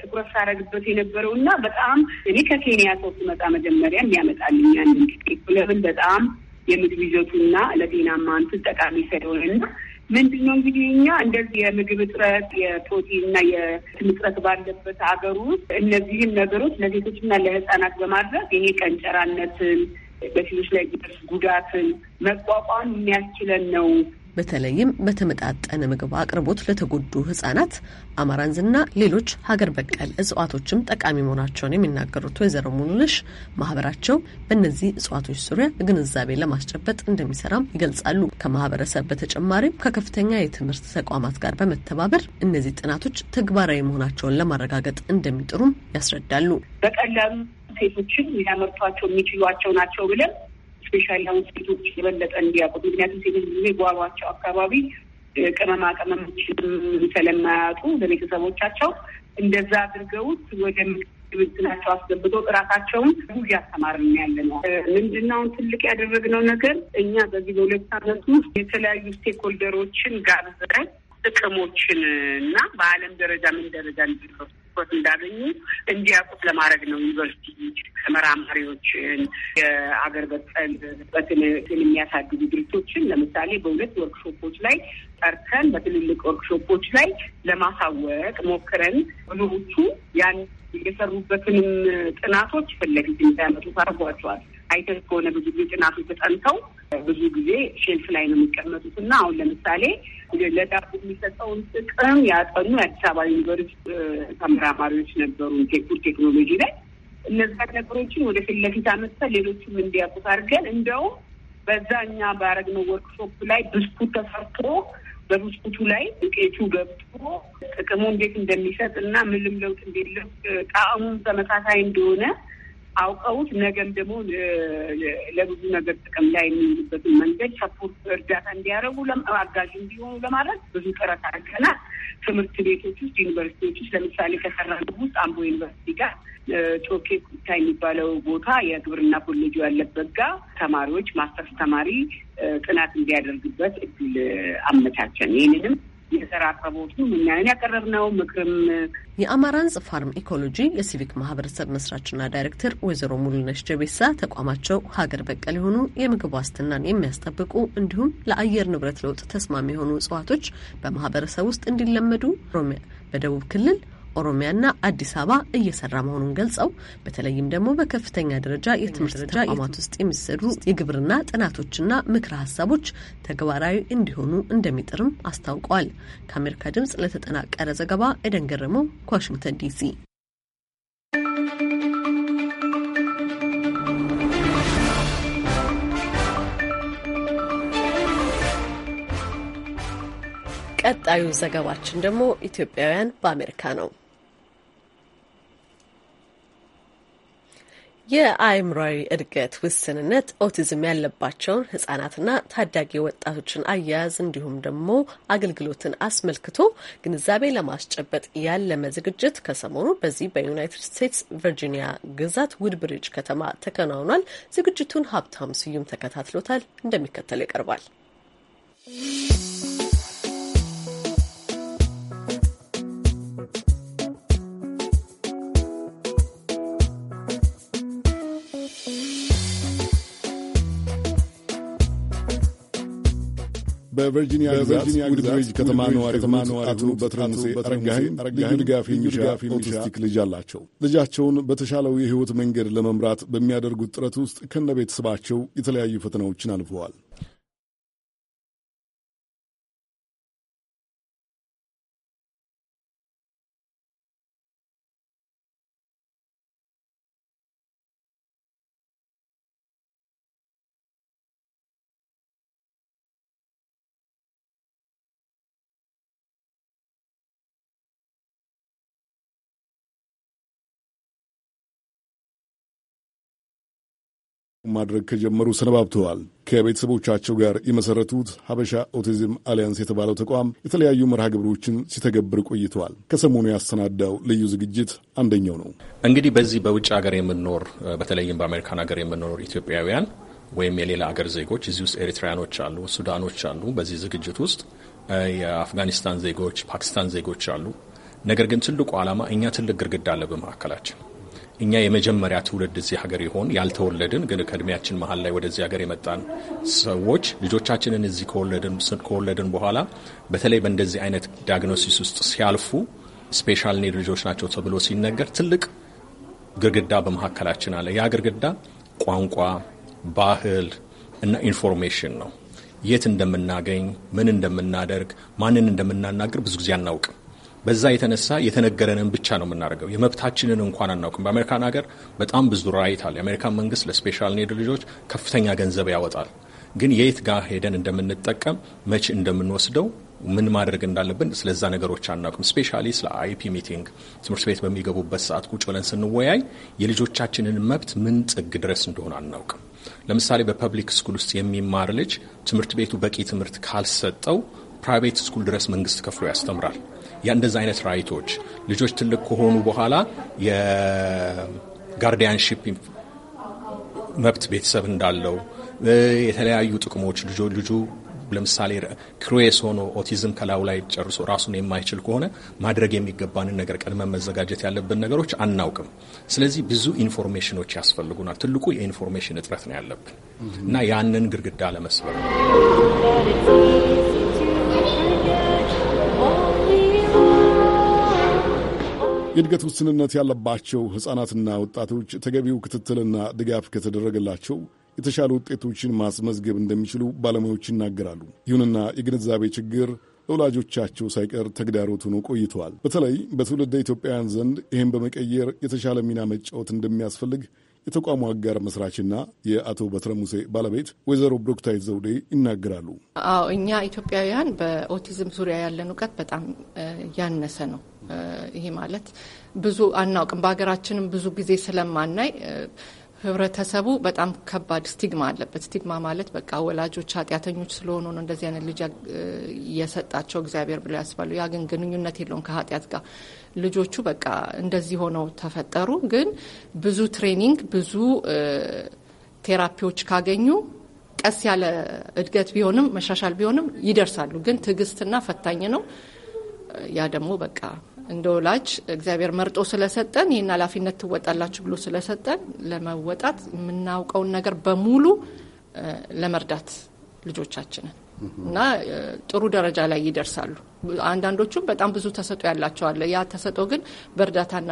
ትኩረት ሳረግበት የነበረው እና በጣም እኔ ከኬንያ ሰው ስመጣ መጀመሪያ የሚያመጣልኝ አንድ ለምን በጣም የምግብ ይዘቱና ለጤናማ እንትን ጠቃሚ ስለሆነ እና ምንድን ነው እንግዲህ እኛ እንደዚህ የምግብ እጥረት የፕሮቲን እና የትን እጥረት ባለበት ሀገር ውስጥ እነዚህን ነገሮች ለሴቶችና ለህፃናት በማድረግ ይሄ ቀንጨራነትን በሴቶች ላይ ጉዳትን መቋቋም የሚያስችለን ነው በተለይም በተመጣጠነ ምግብ አቅርቦት ለተጎዱ ህጻናት አማራንዝና ሌሎች ሀገር በቀል እጽዋቶችም ጠቃሚ መሆናቸውን የሚናገሩት ወይዘሮ ሙሉልሽ ማህበራቸው በእነዚህ እጽዋቶች ዙሪያ ግንዛቤ ለማስጨበጥ እንደሚሰራም ይገልጻሉ። ከማህበረሰብ በተጨማሪም ከከፍተኛ የትምህርት ተቋማት ጋር በመተባበር እነዚህ ጥናቶች ተግባራዊ መሆናቸውን ለማረጋገጥ እንደሚጥሩም ያስረዳሉ። በቀላሉ ሴቶችን ሊያመርቷቸው የሚችሏቸው ናቸው ብለን ስፔሻል አሁን ሴቶች የበለጠ እንዲያውቁት ምክንያቱም ሴቶች ጊዜ ጓሯቸው አካባቢ ቅመማ ቅመሞችን ስለማያጡ ለቤተሰቦቻቸው እንደዛ አድርገውት ወደ ምግብትናቸው አስገብቶ እራሳቸውን ብዙ እያስተማርን ያለ ነው። ምንድናውን ትልቅ ያደረግነው ነገር እኛ በዚህ በሁለት ዓመት ውስጥ የተለያዩ ስቴክሆልደሮችን ሆልደሮችን ጋብዘን ጥቅሞችን እና በዓለም ደረጃ ምን ደረጃ እንዲደርሱ ትኩረት እንዳገኙ እንዲያውቁት ለማድረግ ነው። ዩኒቨርሲቲ ተመራማሪዎችን የአገር በቀል የሚያሳድጉ ድርጅቶችን ለምሳሌ በሁለት ወርክሾፖች ላይ ጠርተን በትልልቅ ወርክሾፖች ላይ ለማሳወቅ ሞክረን ብዙዎቹ ያን የሰሩበትንም ጥናቶች ፊት ለፊት እንዲያመጡ አይተህ ከሆነ ብዙ ጊዜ ጥናቶች ተጠንተው ብዙ ጊዜ ሼልፍ ላይ ነው የሚቀመጡት እና አሁን ለምሳሌ ለዳቦ የሚሰጠውን ጥቅም ያጠኑ የአዲስ አበባ ዩኒቨርሲቲ ተመራማሪዎች ነበሩ ፉድ ቴክኖሎጂ ላይ። እነዛን ነገሮችን ወደ ፊት ለፊት አመጥተን ሌሎችም እንዲያውቁት አድርገን እንደውም በዛ እኛ ባረግነው ወርክሾፕ ላይ ብስኩት ተሰርቶ በብስኩቱ ላይ ዱቄቱ ገብቶ ጥቅሙ እንዴት እንደሚሰጥ እና ምንም ለውጥ እንደሌለው ጣዕሙ ተመሳሳይ እንደሆነ አውቀውት ነገም ደግሞ ለብዙ ነገር ጥቅም ላይ የሚውሉበትን መንገድ ሰፖርት እርዳታ እንዲያደረጉ አጋዥ እንዲሆኑ ለማድረግ ብዙ ጥረት አድርገናል። ትምህርት ቤቶች ውስጥ፣ ዩኒቨርሲቲዎች ውስጥ ለምሳሌ ከሰራነው ውስጥ አምቦ ዩኒቨርሲቲ ጋር ጮኬ ኩታ የሚባለው ቦታ የግብርና ኮሌጅ ያለበት ጋር ተማሪዎች ማስተርስ ተማሪ ጥናት እንዲያደርግበት እድል አመቻቸን። ይህንንም የአማራን ምናምን ያቀረብነው ምክርም ፋርም ኢኮሎጂ የሲቪክ ማህበረሰብ መስራችና ዳይሬክተር ወይዘሮ ሙሉነሽ ጀቤሳ ተቋማቸው ሀገር በቀል የሆኑ የምግብ ዋስትናን የሚያስጠብቁ እንዲሁም ለአየር ንብረት ለውጥ ተስማሚ የሆኑ እጽዋቶች በማህበረሰብ ውስጥ እንዲለመዱ በደቡብ ክልል ኦሮሚያና አዲስ አበባ እየሰራ መሆኑን ገልጸው በተለይም ደግሞ በከፍተኛ ደረጃ የትምህርት ተቋማት ውስጥ የሚሰሩ የግብርና ጥናቶችና ምክረ ሀሳቦች ተግባራዊ እንዲሆኑ እንደሚጥርም አስታውቀዋል። ከአሜሪካ ድምጽ ለተጠናቀረ ዘገባ ኤደን ገረመው ከዋሽንግተን ዲሲ ቀጣዩ ዘገባችን ደግሞ ኢትዮጵያውያን በአሜሪካ ነው። የአእምሯዊ እድገት ውስንነት ኦቲዝም ያለባቸውን ህጻናትና ታዳጊ ወጣቶችን አያያዝ እንዲሁም ደግሞ አገልግሎትን አስመልክቶ ግንዛቤ ለማስጨበጥ ያለመ ዝግጅት ከሰሞኑ በዚህ በዩናይትድ ስቴትስ ቨርጂኒያ ግዛት ውድብሪጅ ከተማ ተከናውኗል። ዝግጅቱን ሀብታም ስዩም ተከታትሎታል፣ እንደሚከተለው ይቀርባል። በቨርጂኒያ ውድብሪጅ ከተማ ነዋሪ አቶ በትረሙሴ አረጋኸኝ ልዩ ድጋፍ የሚሻ ኦቲስቲክ ልጅ አላቸው። ልጃቸውን በተሻለው የህይወት መንገድ ለመምራት በሚያደርጉት ጥረት ውስጥ ከነ ቤተሰባቸው የተለያዩ ፈተናዎችን አልፈዋል። ማድረግ ከጀመሩ ሰነባብተዋል። ከቤተሰቦቻቸው ጋር የመሰረቱት ሀበሻ ኦቲዝም አሊያንስ የተባለው ተቋም የተለያዩ መርሃ ግብሮችን ሲተገብር ቆይተዋል። ከሰሞኑ ያሰናዳው ልዩ ዝግጅት አንደኛው ነው። እንግዲህ በዚህ በውጭ ሀገር የምንኖር በተለይም በአሜሪካን ሀገር የምንኖር ኢትዮጵያውያን ወይም የሌላ ሀገር ዜጎች እዚህ ውስጥ ኤሪትሪያኖች አሉ፣ ሱዳኖች አሉ። በዚህ ዝግጅት ውስጥ የአፍጋኒስታን ዜጎች፣ ፓኪስታን ዜጎች አሉ። ነገር ግን ትልቁ ዓላማ እኛ ትልቅ ግርግዳ አለ በመካከላችን እኛ የመጀመሪያ ትውልድ እዚህ ሀገር ይሆን ያልተወለድን ግን ከእድሜያችን መሀል ላይ ወደዚህ ሀገር የመጣን ሰዎች ልጆቻችንን እዚህ ከወለድን በኋላ በተለይ በእንደዚህ አይነት ዲያግኖሲስ ውስጥ ሲያልፉ ስፔሻል ኒድ ልጆች ናቸው ተብሎ ሲነገር ትልቅ ግርግዳ በመካከላችን አለ። ያ ግርግዳ ቋንቋ፣ ባህል እና ኢንፎርሜሽን ነው። የት እንደምናገኝ፣ ምን እንደምናደርግ፣ ማንን እንደምናናግር ብዙ ጊዜ አናውቅም። በዛ የተነሳ የተነገረንን ብቻ ነው የምናደርገው። የመብታችንን እንኳን አናውቅም። በአሜሪካን ሀገር በጣም ብዙ ራይት አለ። የአሜሪካን መንግስት ለስፔሻል ኔድ ልጆች ከፍተኛ ገንዘብ ያወጣል። ግን የየት ጋር ሄደን እንደምንጠቀም፣ መቼ እንደምንወስደው፣ ምን ማድረግ እንዳለብን ስለዛ ነገሮች አናውቅም። ስፔሻሊ ስለ አይፒ ሚቲንግ ትምህርት ቤት በሚገቡበት ሰዓት ቁጭ ብለን ስንወያይ የልጆቻችንን መብት ምን ጥግ ድረስ እንደሆነ አናውቅም። ለምሳሌ በፐብሊክ ስኩል ውስጥ የሚማር ልጅ ትምህርት ቤቱ በቂ ትምህርት ካልሰጠው ፕራይቬት ስኩል ድረስ መንግስት ከፍሎ ያስተምራል። የእንደዚህ አይነት ራይቶች ልጆች ትልቅ ከሆኑ በኋላ የጋርዲያንሽፕ መብት ቤተሰብ እንዳለው የተለያዩ ጥቅሞች ልጆ ልጁ ለምሳሌ ክሩዌስ ሆኖ ኦቲዝም ከላዩ ላይ ጨርሶ ራሱን የማይችል ከሆነ ማድረግ የሚገባንን ነገር ቀድመን መዘጋጀት ያለብን ነገሮች አናውቅም። ስለዚህ ብዙ ኢንፎርሜሽኖች ያስፈልጉናል። ትልቁ የኢንፎርሜሽን እጥረት ነው ያለብን እና ያንን ግድግዳ ለመስበር ነው። የእድገት ውስንነት ያለባቸው ሕፃናትና ወጣቶች ተገቢው ክትትልና ድጋፍ ከተደረገላቸው የተሻሉ ውጤቶችን ማስመዝገብ እንደሚችሉ ባለሙያዎች ይናገራሉ። ይሁንና የግንዛቤ ችግር ለወላጆቻቸው ሳይቀር ተግዳሮት ሆኖ ቆይተዋል። በተለይ በትውልደ ኢትዮጵያውያን ዘንድ ይህን በመቀየር የተሻለ ሚና መጫወት እንደሚያስፈልግ የተቋሙ አጋር መስራችና የአቶ በትረ ሙሴ ባለቤት ወይዘሮ ብሮክታይት ዘውዴ ይናገራሉ። አዎ እኛ ኢትዮጵያውያን በኦቲዝም ዙሪያ ያለን እውቀት በጣም ያነሰ ነው። ይሄ ማለት ብዙ አናውቅም። በሀገራችንም ብዙ ጊዜ ስለማናይ ህብረተሰቡ በጣም ከባድ ስቲግማ አለበት። ስቲግማ ማለት በቃ ወላጆች ኃጢአተኞች ስለሆኑ ነው እንደዚህ አይነት ልጅ የሰጣቸው እግዚአብሔር ብለው ያስባሉ። ያ ግን ግንኙነት የለውም ከኃጢአት ጋር ልጆቹ በቃ እንደዚህ ሆነው ተፈጠሩ። ግን ብዙ ትሬኒንግ፣ ብዙ ቴራፒዎች ካገኙ ቀስ ያለ እድገት ቢሆንም መሻሻል ቢሆንም ይደርሳሉ። ግን ትዕግስትና ፈታኝ ነው። ያ ደግሞ በቃ እንደ ወላጅ እግዚአብሔር መርጦ ስለሰጠን ይህን ኃላፊነት ትወጣላችሁ ብሎ ስለሰጠን ለመወጣት የምናውቀውን ነገር በሙሉ ለመርዳት ልጆቻችንን እና ጥሩ ደረጃ ላይ ይደርሳሉ። አንዳንዶቹም በጣም ብዙ ተሰጦ ያላቸዋለ ያ ተሰጦ ግን በእርዳታና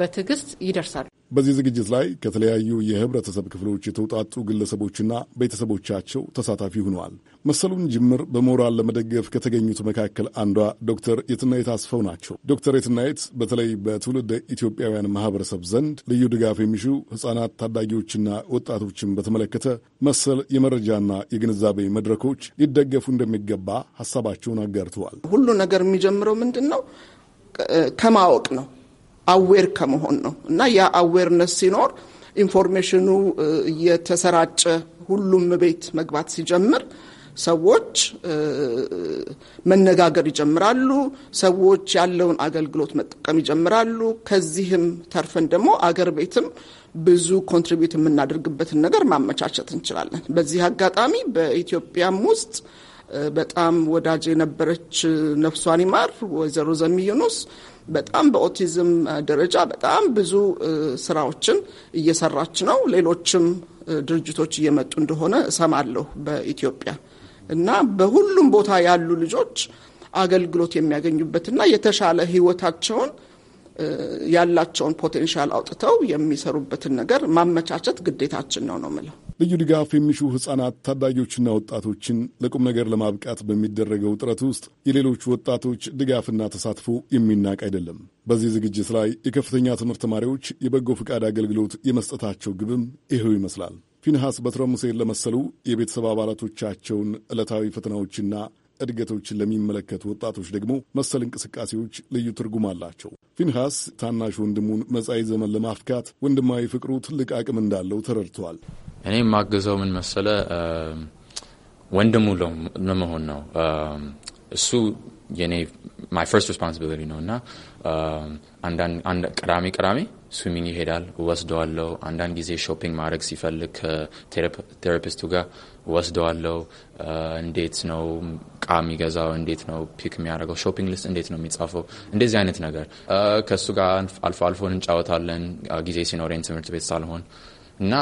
በትዕግስት ይደርሳሉ። በዚህ ዝግጅት ላይ ከተለያዩ የህብረተሰብ ክፍሎች የተውጣጡ ግለሰቦችና ቤተሰቦቻቸው ተሳታፊ ሆነዋል። መሰሉን ጅምር በሞራል ለመደገፍ ከተገኙት መካከል አንዷ ዶክተር የትናየት አስፈው ናቸው። ዶክተር የትናየት በተለይ በትውልደ ኢትዮጵያውያን ማህበረሰብ ዘንድ ልዩ ድጋፍ የሚሹ ህጻናት፣ ታዳጊዎችና ወጣቶችን በተመለከተ መሰል የመረጃና የግንዛቤ መድረኮች ሊደገፉ እንደሚገባ ሀሳባቸውን አጋርተዋል። ሁሉ ነገር የሚጀምረው ምንድን ነው? ከማወቅ ነው አዌር ከመሆን ነው እና ያ አዌርነስ ሲኖር ኢንፎርሜሽኑ እየተሰራጨ ሁሉም ቤት መግባት ሲጀምር ሰዎች መነጋገር ይጀምራሉ። ሰዎች ያለውን አገልግሎት መጠቀም ይጀምራሉ። ከዚህም ተርፈን ደግሞ አገር ቤትም ብዙ ኮንትሪቢዩት የምናደርግበትን ነገር ማመቻቸት እንችላለን። በዚህ አጋጣሚ በኢትዮጵያም ውስጥ በጣም ወዳጅ የነበረች ነፍሷን ይማር ወይዘሮ ዘሚዩኑስ በጣም በኦቲዝም ደረጃ በጣም ብዙ ስራዎችን እየሰራች ነው። ሌሎችም ድርጅቶች እየመጡ እንደሆነ እሰማለሁ በኢትዮጵያ እና በሁሉም ቦታ ያሉ ልጆች አገልግሎት የሚያገኙበትና የተሻለ ህይወታቸውን ያላቸውን ፖቴንሻል አውጥተው የሚሰሩበትን ነገር ማመቻቸት ግዴታችን ነው ነው ምለው። ልዩ ድጋፍ የሚሹ ህጻናት፣ ታዳጊዎችና ወጣቶችን ለቁም ነገር ለማብቃት በሚደረገው ጥረት ውስጥ የሌሎች ወጣቶች ድጋፍና ተሳትፎ የሚናቅ አይደለም። በዚህ ዝግጅት ላይ የከፍተኛ ትምህርት ተማሪዎች የበጎ ፈቃድ አገልግሎት የመስጠታቸው ግብም ይኸው ይመስላል። ፊንሐስ በትረ ሙሴን ለመሰሉ የቤተሰብ አባላቶቻቸውን ዕለታዊ ፈተናዎችና እድገቶችን ለሚመለከቱ ወጣቶች ደግሞ መሰል እንቅስቃሴዎች ልዩ ትርጉም አላቸው። ፊንሃስ ታናሽ ወንድሙን መጻኢ ዘመን ለማፍካት ወንድማዊ ፍቅሩ ትልቅ አቅም እንዳለው ተረድቷል። እኔ ማግዘው ምን መሰለ ወንድሙ ለመሆን ነው። እሱ የኔ ማይ ፈርስት ሪስፖንሲቢሊቲ ነው እና አንዳንድ ቅዳሜ ቅዳሜ ስዊሚንግ ይሄዳል ወስደዋለው። አንዳንድ ጊዜ ሾፒንግ ማድረግ ሲፈልግ ከቴራፒስቱ ጋር ወስደዋለው። እንዴት ነው እቃ የሚገዛው? እንዴት ነው ፒክ የሚያደርገው? ሾፒንግ ሊስት እንዴት ነው የሚጻፈው? እንደዚህ አይነት ነገር ከእሱ ጋር አልፎ አልፎ እንጫወታለን፣ ጊዜ ሲኖረን ትምህርት ቤት ሳልሆን እና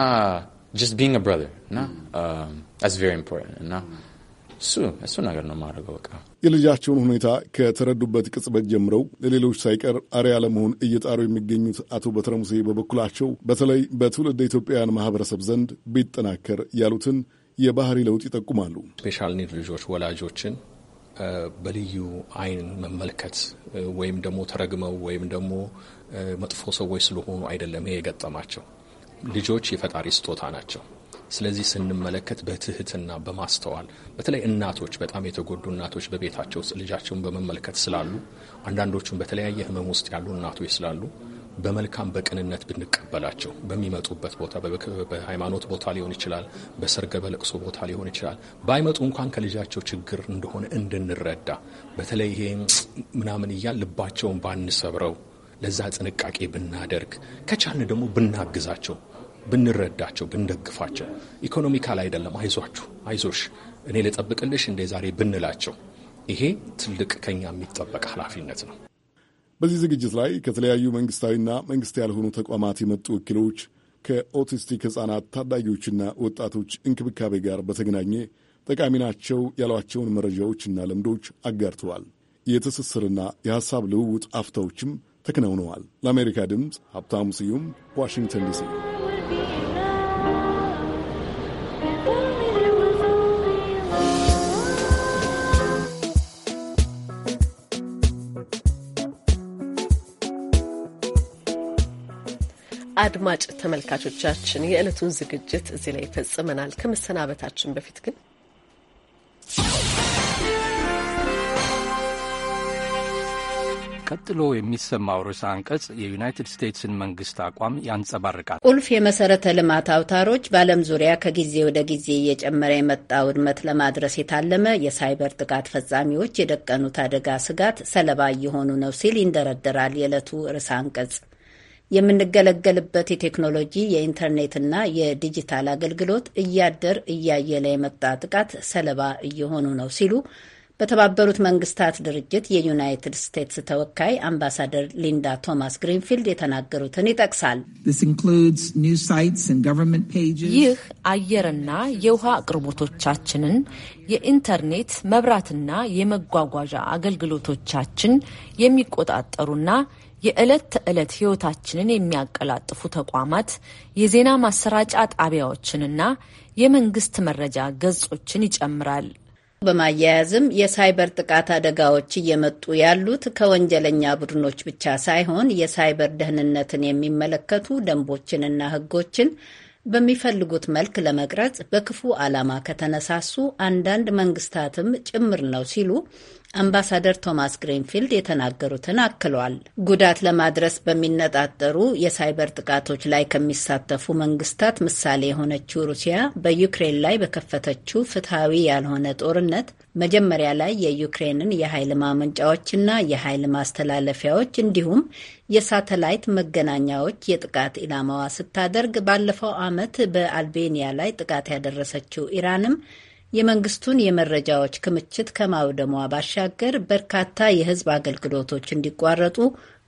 just being a brother እና that's very important እና እሱ እሱ ነገር ነው የማደርገው በቃ የልጃቸውን ሁኔታ ከተረዱበት ቅጽበት ጀምረው ለሌሎች ሳይቀር አርያ ለመሆን እየጣሩ የሚገኙት አቶ በትረ ሙሴ በበኩላቸው በተለይ በትውልድ ኢትዮጵያውያን ማህበረሰብ ዘንድ ቢጠናከር ያሉትን የባህሪ ለውጥ ይጠቁማሉ። ስፔሻል ኒድ ልጆች ወላጆችን በልዩ አይን መመልከት ወይም ደግሞ ተረግመው ወይም ደግሞ መጥፎ ሰዎች ስለሆኑ አይደለም። ይሄ የገጠማቸው ልጆች የፈጣሪ ስጦታ ናቸው። ስለዚህ ስንመለከት በትህትና በማስተዋል በተለይ እናቶች በጣም የተጎዱ እናቶች በቤታቸው ልጃቸውን በመመልከት ስላሉ አንዳንዶቹም በተለያየ ህመም ውስጥ ያሉ እናቶች ስላሉ በመልካም በቅንነት ብንቀበላቸው በሚመጡበት ቦታ በሃይማኖት ቦታ ሊሆን ይችላል፣ በሰርገ በለቅሶ ቦታ ሊሆን ይችላል። ባይመጡ እንኳን ከልጃቸው ችግር እንደሆነ እንድንረዳ በተለይ ይሄ ምናምን እያል ልባቸውን ባንሰብረው፣ ለዛ ጥንቃቄ ብናደርግ፣ ከቻልን ደግሞ ብናግዛቸው ብንረዳቸው ብንደግፋቸው፣ ኢኮኖሚካል አይደለም አይዟችሁ፣ አይዞሽ፣ እኔ ልጠብቅልሽ እንደ ዛሬ ብንላቸው፣ ይሄ ትልቅ ከኛ የሚጠበቅ ኃላፊነት ነው። በዚህ ዝግጅት ላይ ከተለያዩ መንግስታዊና መንግስት ያልሆኑ ተቋማት የመጡ ወኪሎች ከኦቲስቲክ ሕፃናት ታዳጊዎችና ወጣቶች እንክብካቤ ጋር በተገናኘ ጠቃሚ ናቸው ያሏቸውን መረጃዎችና ልምዶች አጋርተዋል። የትስስርና የሐሳብ ልውውጥ አፍታዎችም ተከናውነዋል። ለአሜሪካ ድምፅ ሀብታሙ ስዩም ዋሽንግተን ዲሲ አድማጭ ተመልካቾቻችን የዕለቱን ዝግጅት እዚህ ላይ ይፈጽመናል። ከመሰናበታችን በፊት ግን ቀጥሎ የሚሰማው ርዕሰ አንቀጽ የዩናይትድ ስቴትስን መንግስት አቋም ያንጸባርቃል። ቁልፍ የመሰረተ ልማት አውታሮች በዓለም ዙሪያ ከጊዜ ወደ ጊዜ እየጨመረ የመጣ ውድመት ለማድረስ የታለመ የሳይበር ጥቃት ፈጻሚዎች የደቀኑት አደጋ ስጋት ሰለባ እየሆኑ ነው ሲል ይንደረደራል የዕለቱ ርዕሰ አንቀጽ። የምንገለገልበት የቴክኖሎጂ የኢንተርኔትና የዲጂታል አገልግሎት እያደር እያየለ የመጣ ጥቃት ሰለባ እየሆኑ ነው ሲሉ በተባበሩት መንግስታት ድርጅት የዩናይትድ ስቴትስ ተወካይ አምባሳደር ሊንዳ ቶማስ ግሪንፊልድ የተናገሩትን ይጠቅሳል። ይህ አየርና የውሃ አቅርቦቶቻችንን፣ የኢንተርኔት መብራትና የመጓጓዣ አገልግሎቶቻችን የሚቆጣጠሩና የዕለት ተዕለት ሕይወታችንን የሚያቀላጥፉ ተቋማት የዜና ማሰራጫ ጣቢያዎችንና የመንግስት መረጃ ገጾችን ይጨምራል። በማያያዝም የሳይበር ጥቃት አደጋዎች እየመጡ ያሉት ከወንጀለኛ ቡድኖች ብቻ ሳይሆን የሳይበር ደህንነትን የሚመለከቱ ደንቦችንና ሕጎችን በሚፈልጉት መልክ ለመቅረጽ በክፉ ዓላማ ከተነሳሱ አንዳንድ መንግስታትም ጭምር ነው ሲሉ አምባሳደር ቶማስ ግሪንፊልድ የተናገሩትን አክለዋል። ጉዳት ለማድረስ በሚነጣጠሩ የሳይበር ጥቃቶች ላይ ከሚሳተፉ መንግስታት ምሳሌ የሆነችው ሩሲያ በዩክሬን ላይ በከፈተችው ፍትሐዊ ያልሆነ ጦርነት መጀመሪያ ላይ የዩክሬንን የኃይል ማመንጫዎችና የኃይል ማስተላለፊያዎች እንዲሁም የሳተላይት መገናኛዎች የጥቃት ኢላማዋ ስታደርግ ባለፈው ዓመት በአልቤኒያ ላይ ጥቃት ያደረሰችው ኢራንም የመንግስቱን የመረጃዎች ክምችት ከማውደሟ ባሻገር በርካታ የህዝብ አገልግሎቶች እንዲቋረጡ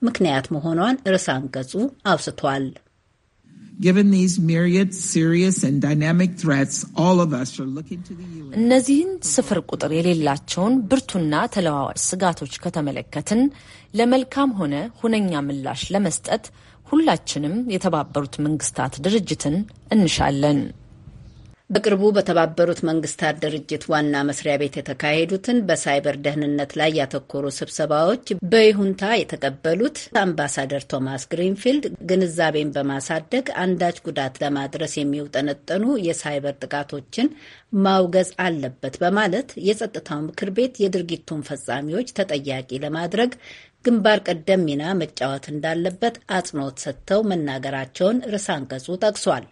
ምክንያት መሆኗን ርዕሰ አንቀጹ አውስቷል። እነዚህን ስፍር ቁጥር የሌላቸውን ብርቱና ተለዋዋጭ ስጋቶች ከተመለከትን ለመልካም ሆነ ሁነኛ ምላሽ ለመስጠት ሁላችንም የተባበሩት መንግስታት ድርጅትን እንሻለን። በቅርቡ በተባበሩት መንግስታት ድርጅት ዋና መስሪያ ቤት የተካሄዱትን በሳይበር ደህንነት ላይ ያተኮሩ ስብሰባዎች በይሁንታ የተቀበሉት አምባሳደር ቶማስ ግሪንፊልድ ግንዛቤን በማሳደግ አንዳች ጉዳት ለማድረስ የሚውጠነጠኑ የሳይበር ጥቃቶችን ማውገዝ አለበት በማለት የጸጥታው ምክር ቤት የድርጊቱን ፈጻሚዎች ተጠያቂ ለማድረግ ግንባር ቀደም ሚና መጫወት እንዳለበት አጽንኦት ሰጥተው መናገራቸውን ርዕሰ አንቀጹ ጠቅሷል።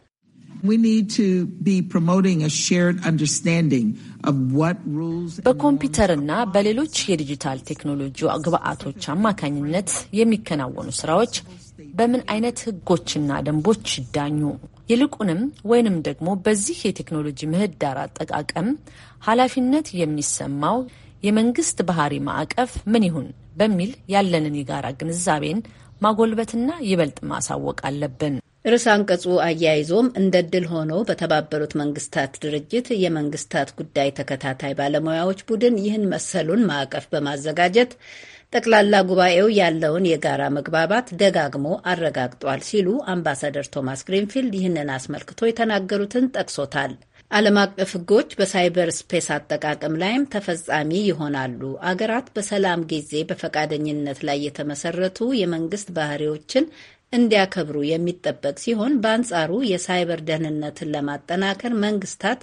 በኮምፒውተርና በሌሎች የዲጂታል ቴክኖሎጂ ግብዓቶች አማካኝነት የሚከናወኑ ስራዎች በምን አይነት ህጎችና ደንቦች ይዳኙ? ይልቁንም ወይንም ደግሞ በዚህ የቴክኖሎጂ ምህዳር አጠቃቀም ኃላፊነት የሚሰማው የመንግስት ባህሪ ማዕቀፍ ምን ይሁን በሚል ያለንን የጋራ ግንዛቤን ማጎልበትና ይበልጥ ማሳወቅ አለብን። ርዕስ አንቀጹ አያይዞም እንደ ድል ሆኖ በተባበሩት መንግስታት ድርጅት የመንግስታት ጉዳይ ተከታታይ ባለሙያዎች ቡድን ይህን መሰሉን ማዕቀፍ በማዘጋጀት ጠቅላላ ጉባኤው ያለውን የጋራ መግባባት ደጋግሞ አረጋግጧል ሲሉ አምባሳደር ቶማስ ግሪንፊልድ ይህንን አስመልክቶ የተናገሩትን ጠቅሶታል። ዓለም አቀፍ ሕጎች በሳይበር ስፔስ አጠቃቀም ላይም ተፈጻሚ ይሆናሉ። አገራት በሰላም ጊዜ በፈቃደኝነት ላይ የተመሰረቱ የመንግስት ባህሪዎችን እንዲያከብሩ የሚጠበቅ ሲሆን በአንጻሩ የሳይበር ደህንነትን ለማጠናከር መንግስታት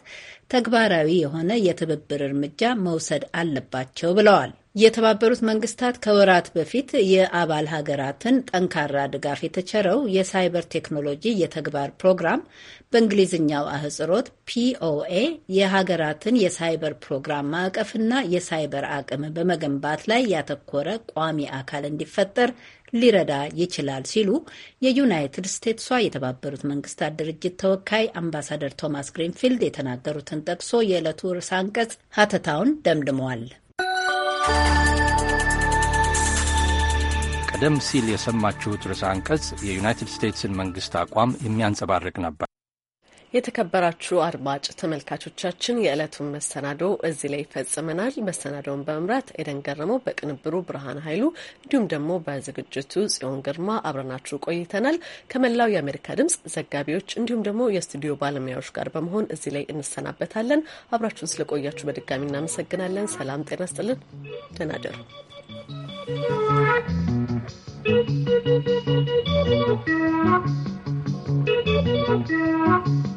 ተግባራዊ የሆነ የትብብር እርምጃ መውሰድ አለባቸው ብለዋል። የተባበሩት መንግስታት ከወራት በፊት የአባል ሀገራትን ጠንካራ ድጋፍ የተቸረው የሳይበር ቴክኖሎጂ የተግባር ፕሮግራም በእንግሊዝኛው አህጽሮት ፒኦኤ የሀገራትን የሳይበር ፕሮግራም ማዕቀፍና የሳይበር አቅም በመገንባት ላይ ያተኮረ ቋሚ አካል እንዲፈጠር ሊረዳ ይችላል ሲሉ የዩናይትድ ስቴትሷ የተባበሩት መንግስታት ድርጅት ተወካይ አምባሳደር ቶማስ ግሪንፊልድ የተናገሩትን ጠቅሶ የዕለቱ ርዕስ አንቀጽ ሀተታውን ደምድመዋል። ቀደም ሲል የሰማችሁት ርዕስ አንቀጽ የዩናይትድ ስቴትስን መንግስት አቋም የሚያንጸባርቅ ነበር። የተከበራችሁ አድማጭ ተመልካቾቻችን የዕለቱን መሰናዶ እዚህ ላይ ይፈጽመናል። መሰናዶውን በመምራት ኤደን ገረመው፣ በቅንብሩ ብርሃን ኃይሉ እንዲሁም ደግሞ በዝግጅቱ ጽዮን ግርማ አብረናችሁ ቆይተናል። ከመላው የአሜሪካ ድምጽ ዘጋቢዎች እንዲሁም ደግሞ የስቱዲዮ ባለሙያዎች ጋር በመሆን እዚህ ላይ እንሰናበታለን። አብራችሁን ስለቆያችሁ በድጋሚ እናመሰግናለን። ሰላም ጤና ስጥልን። ደህና you.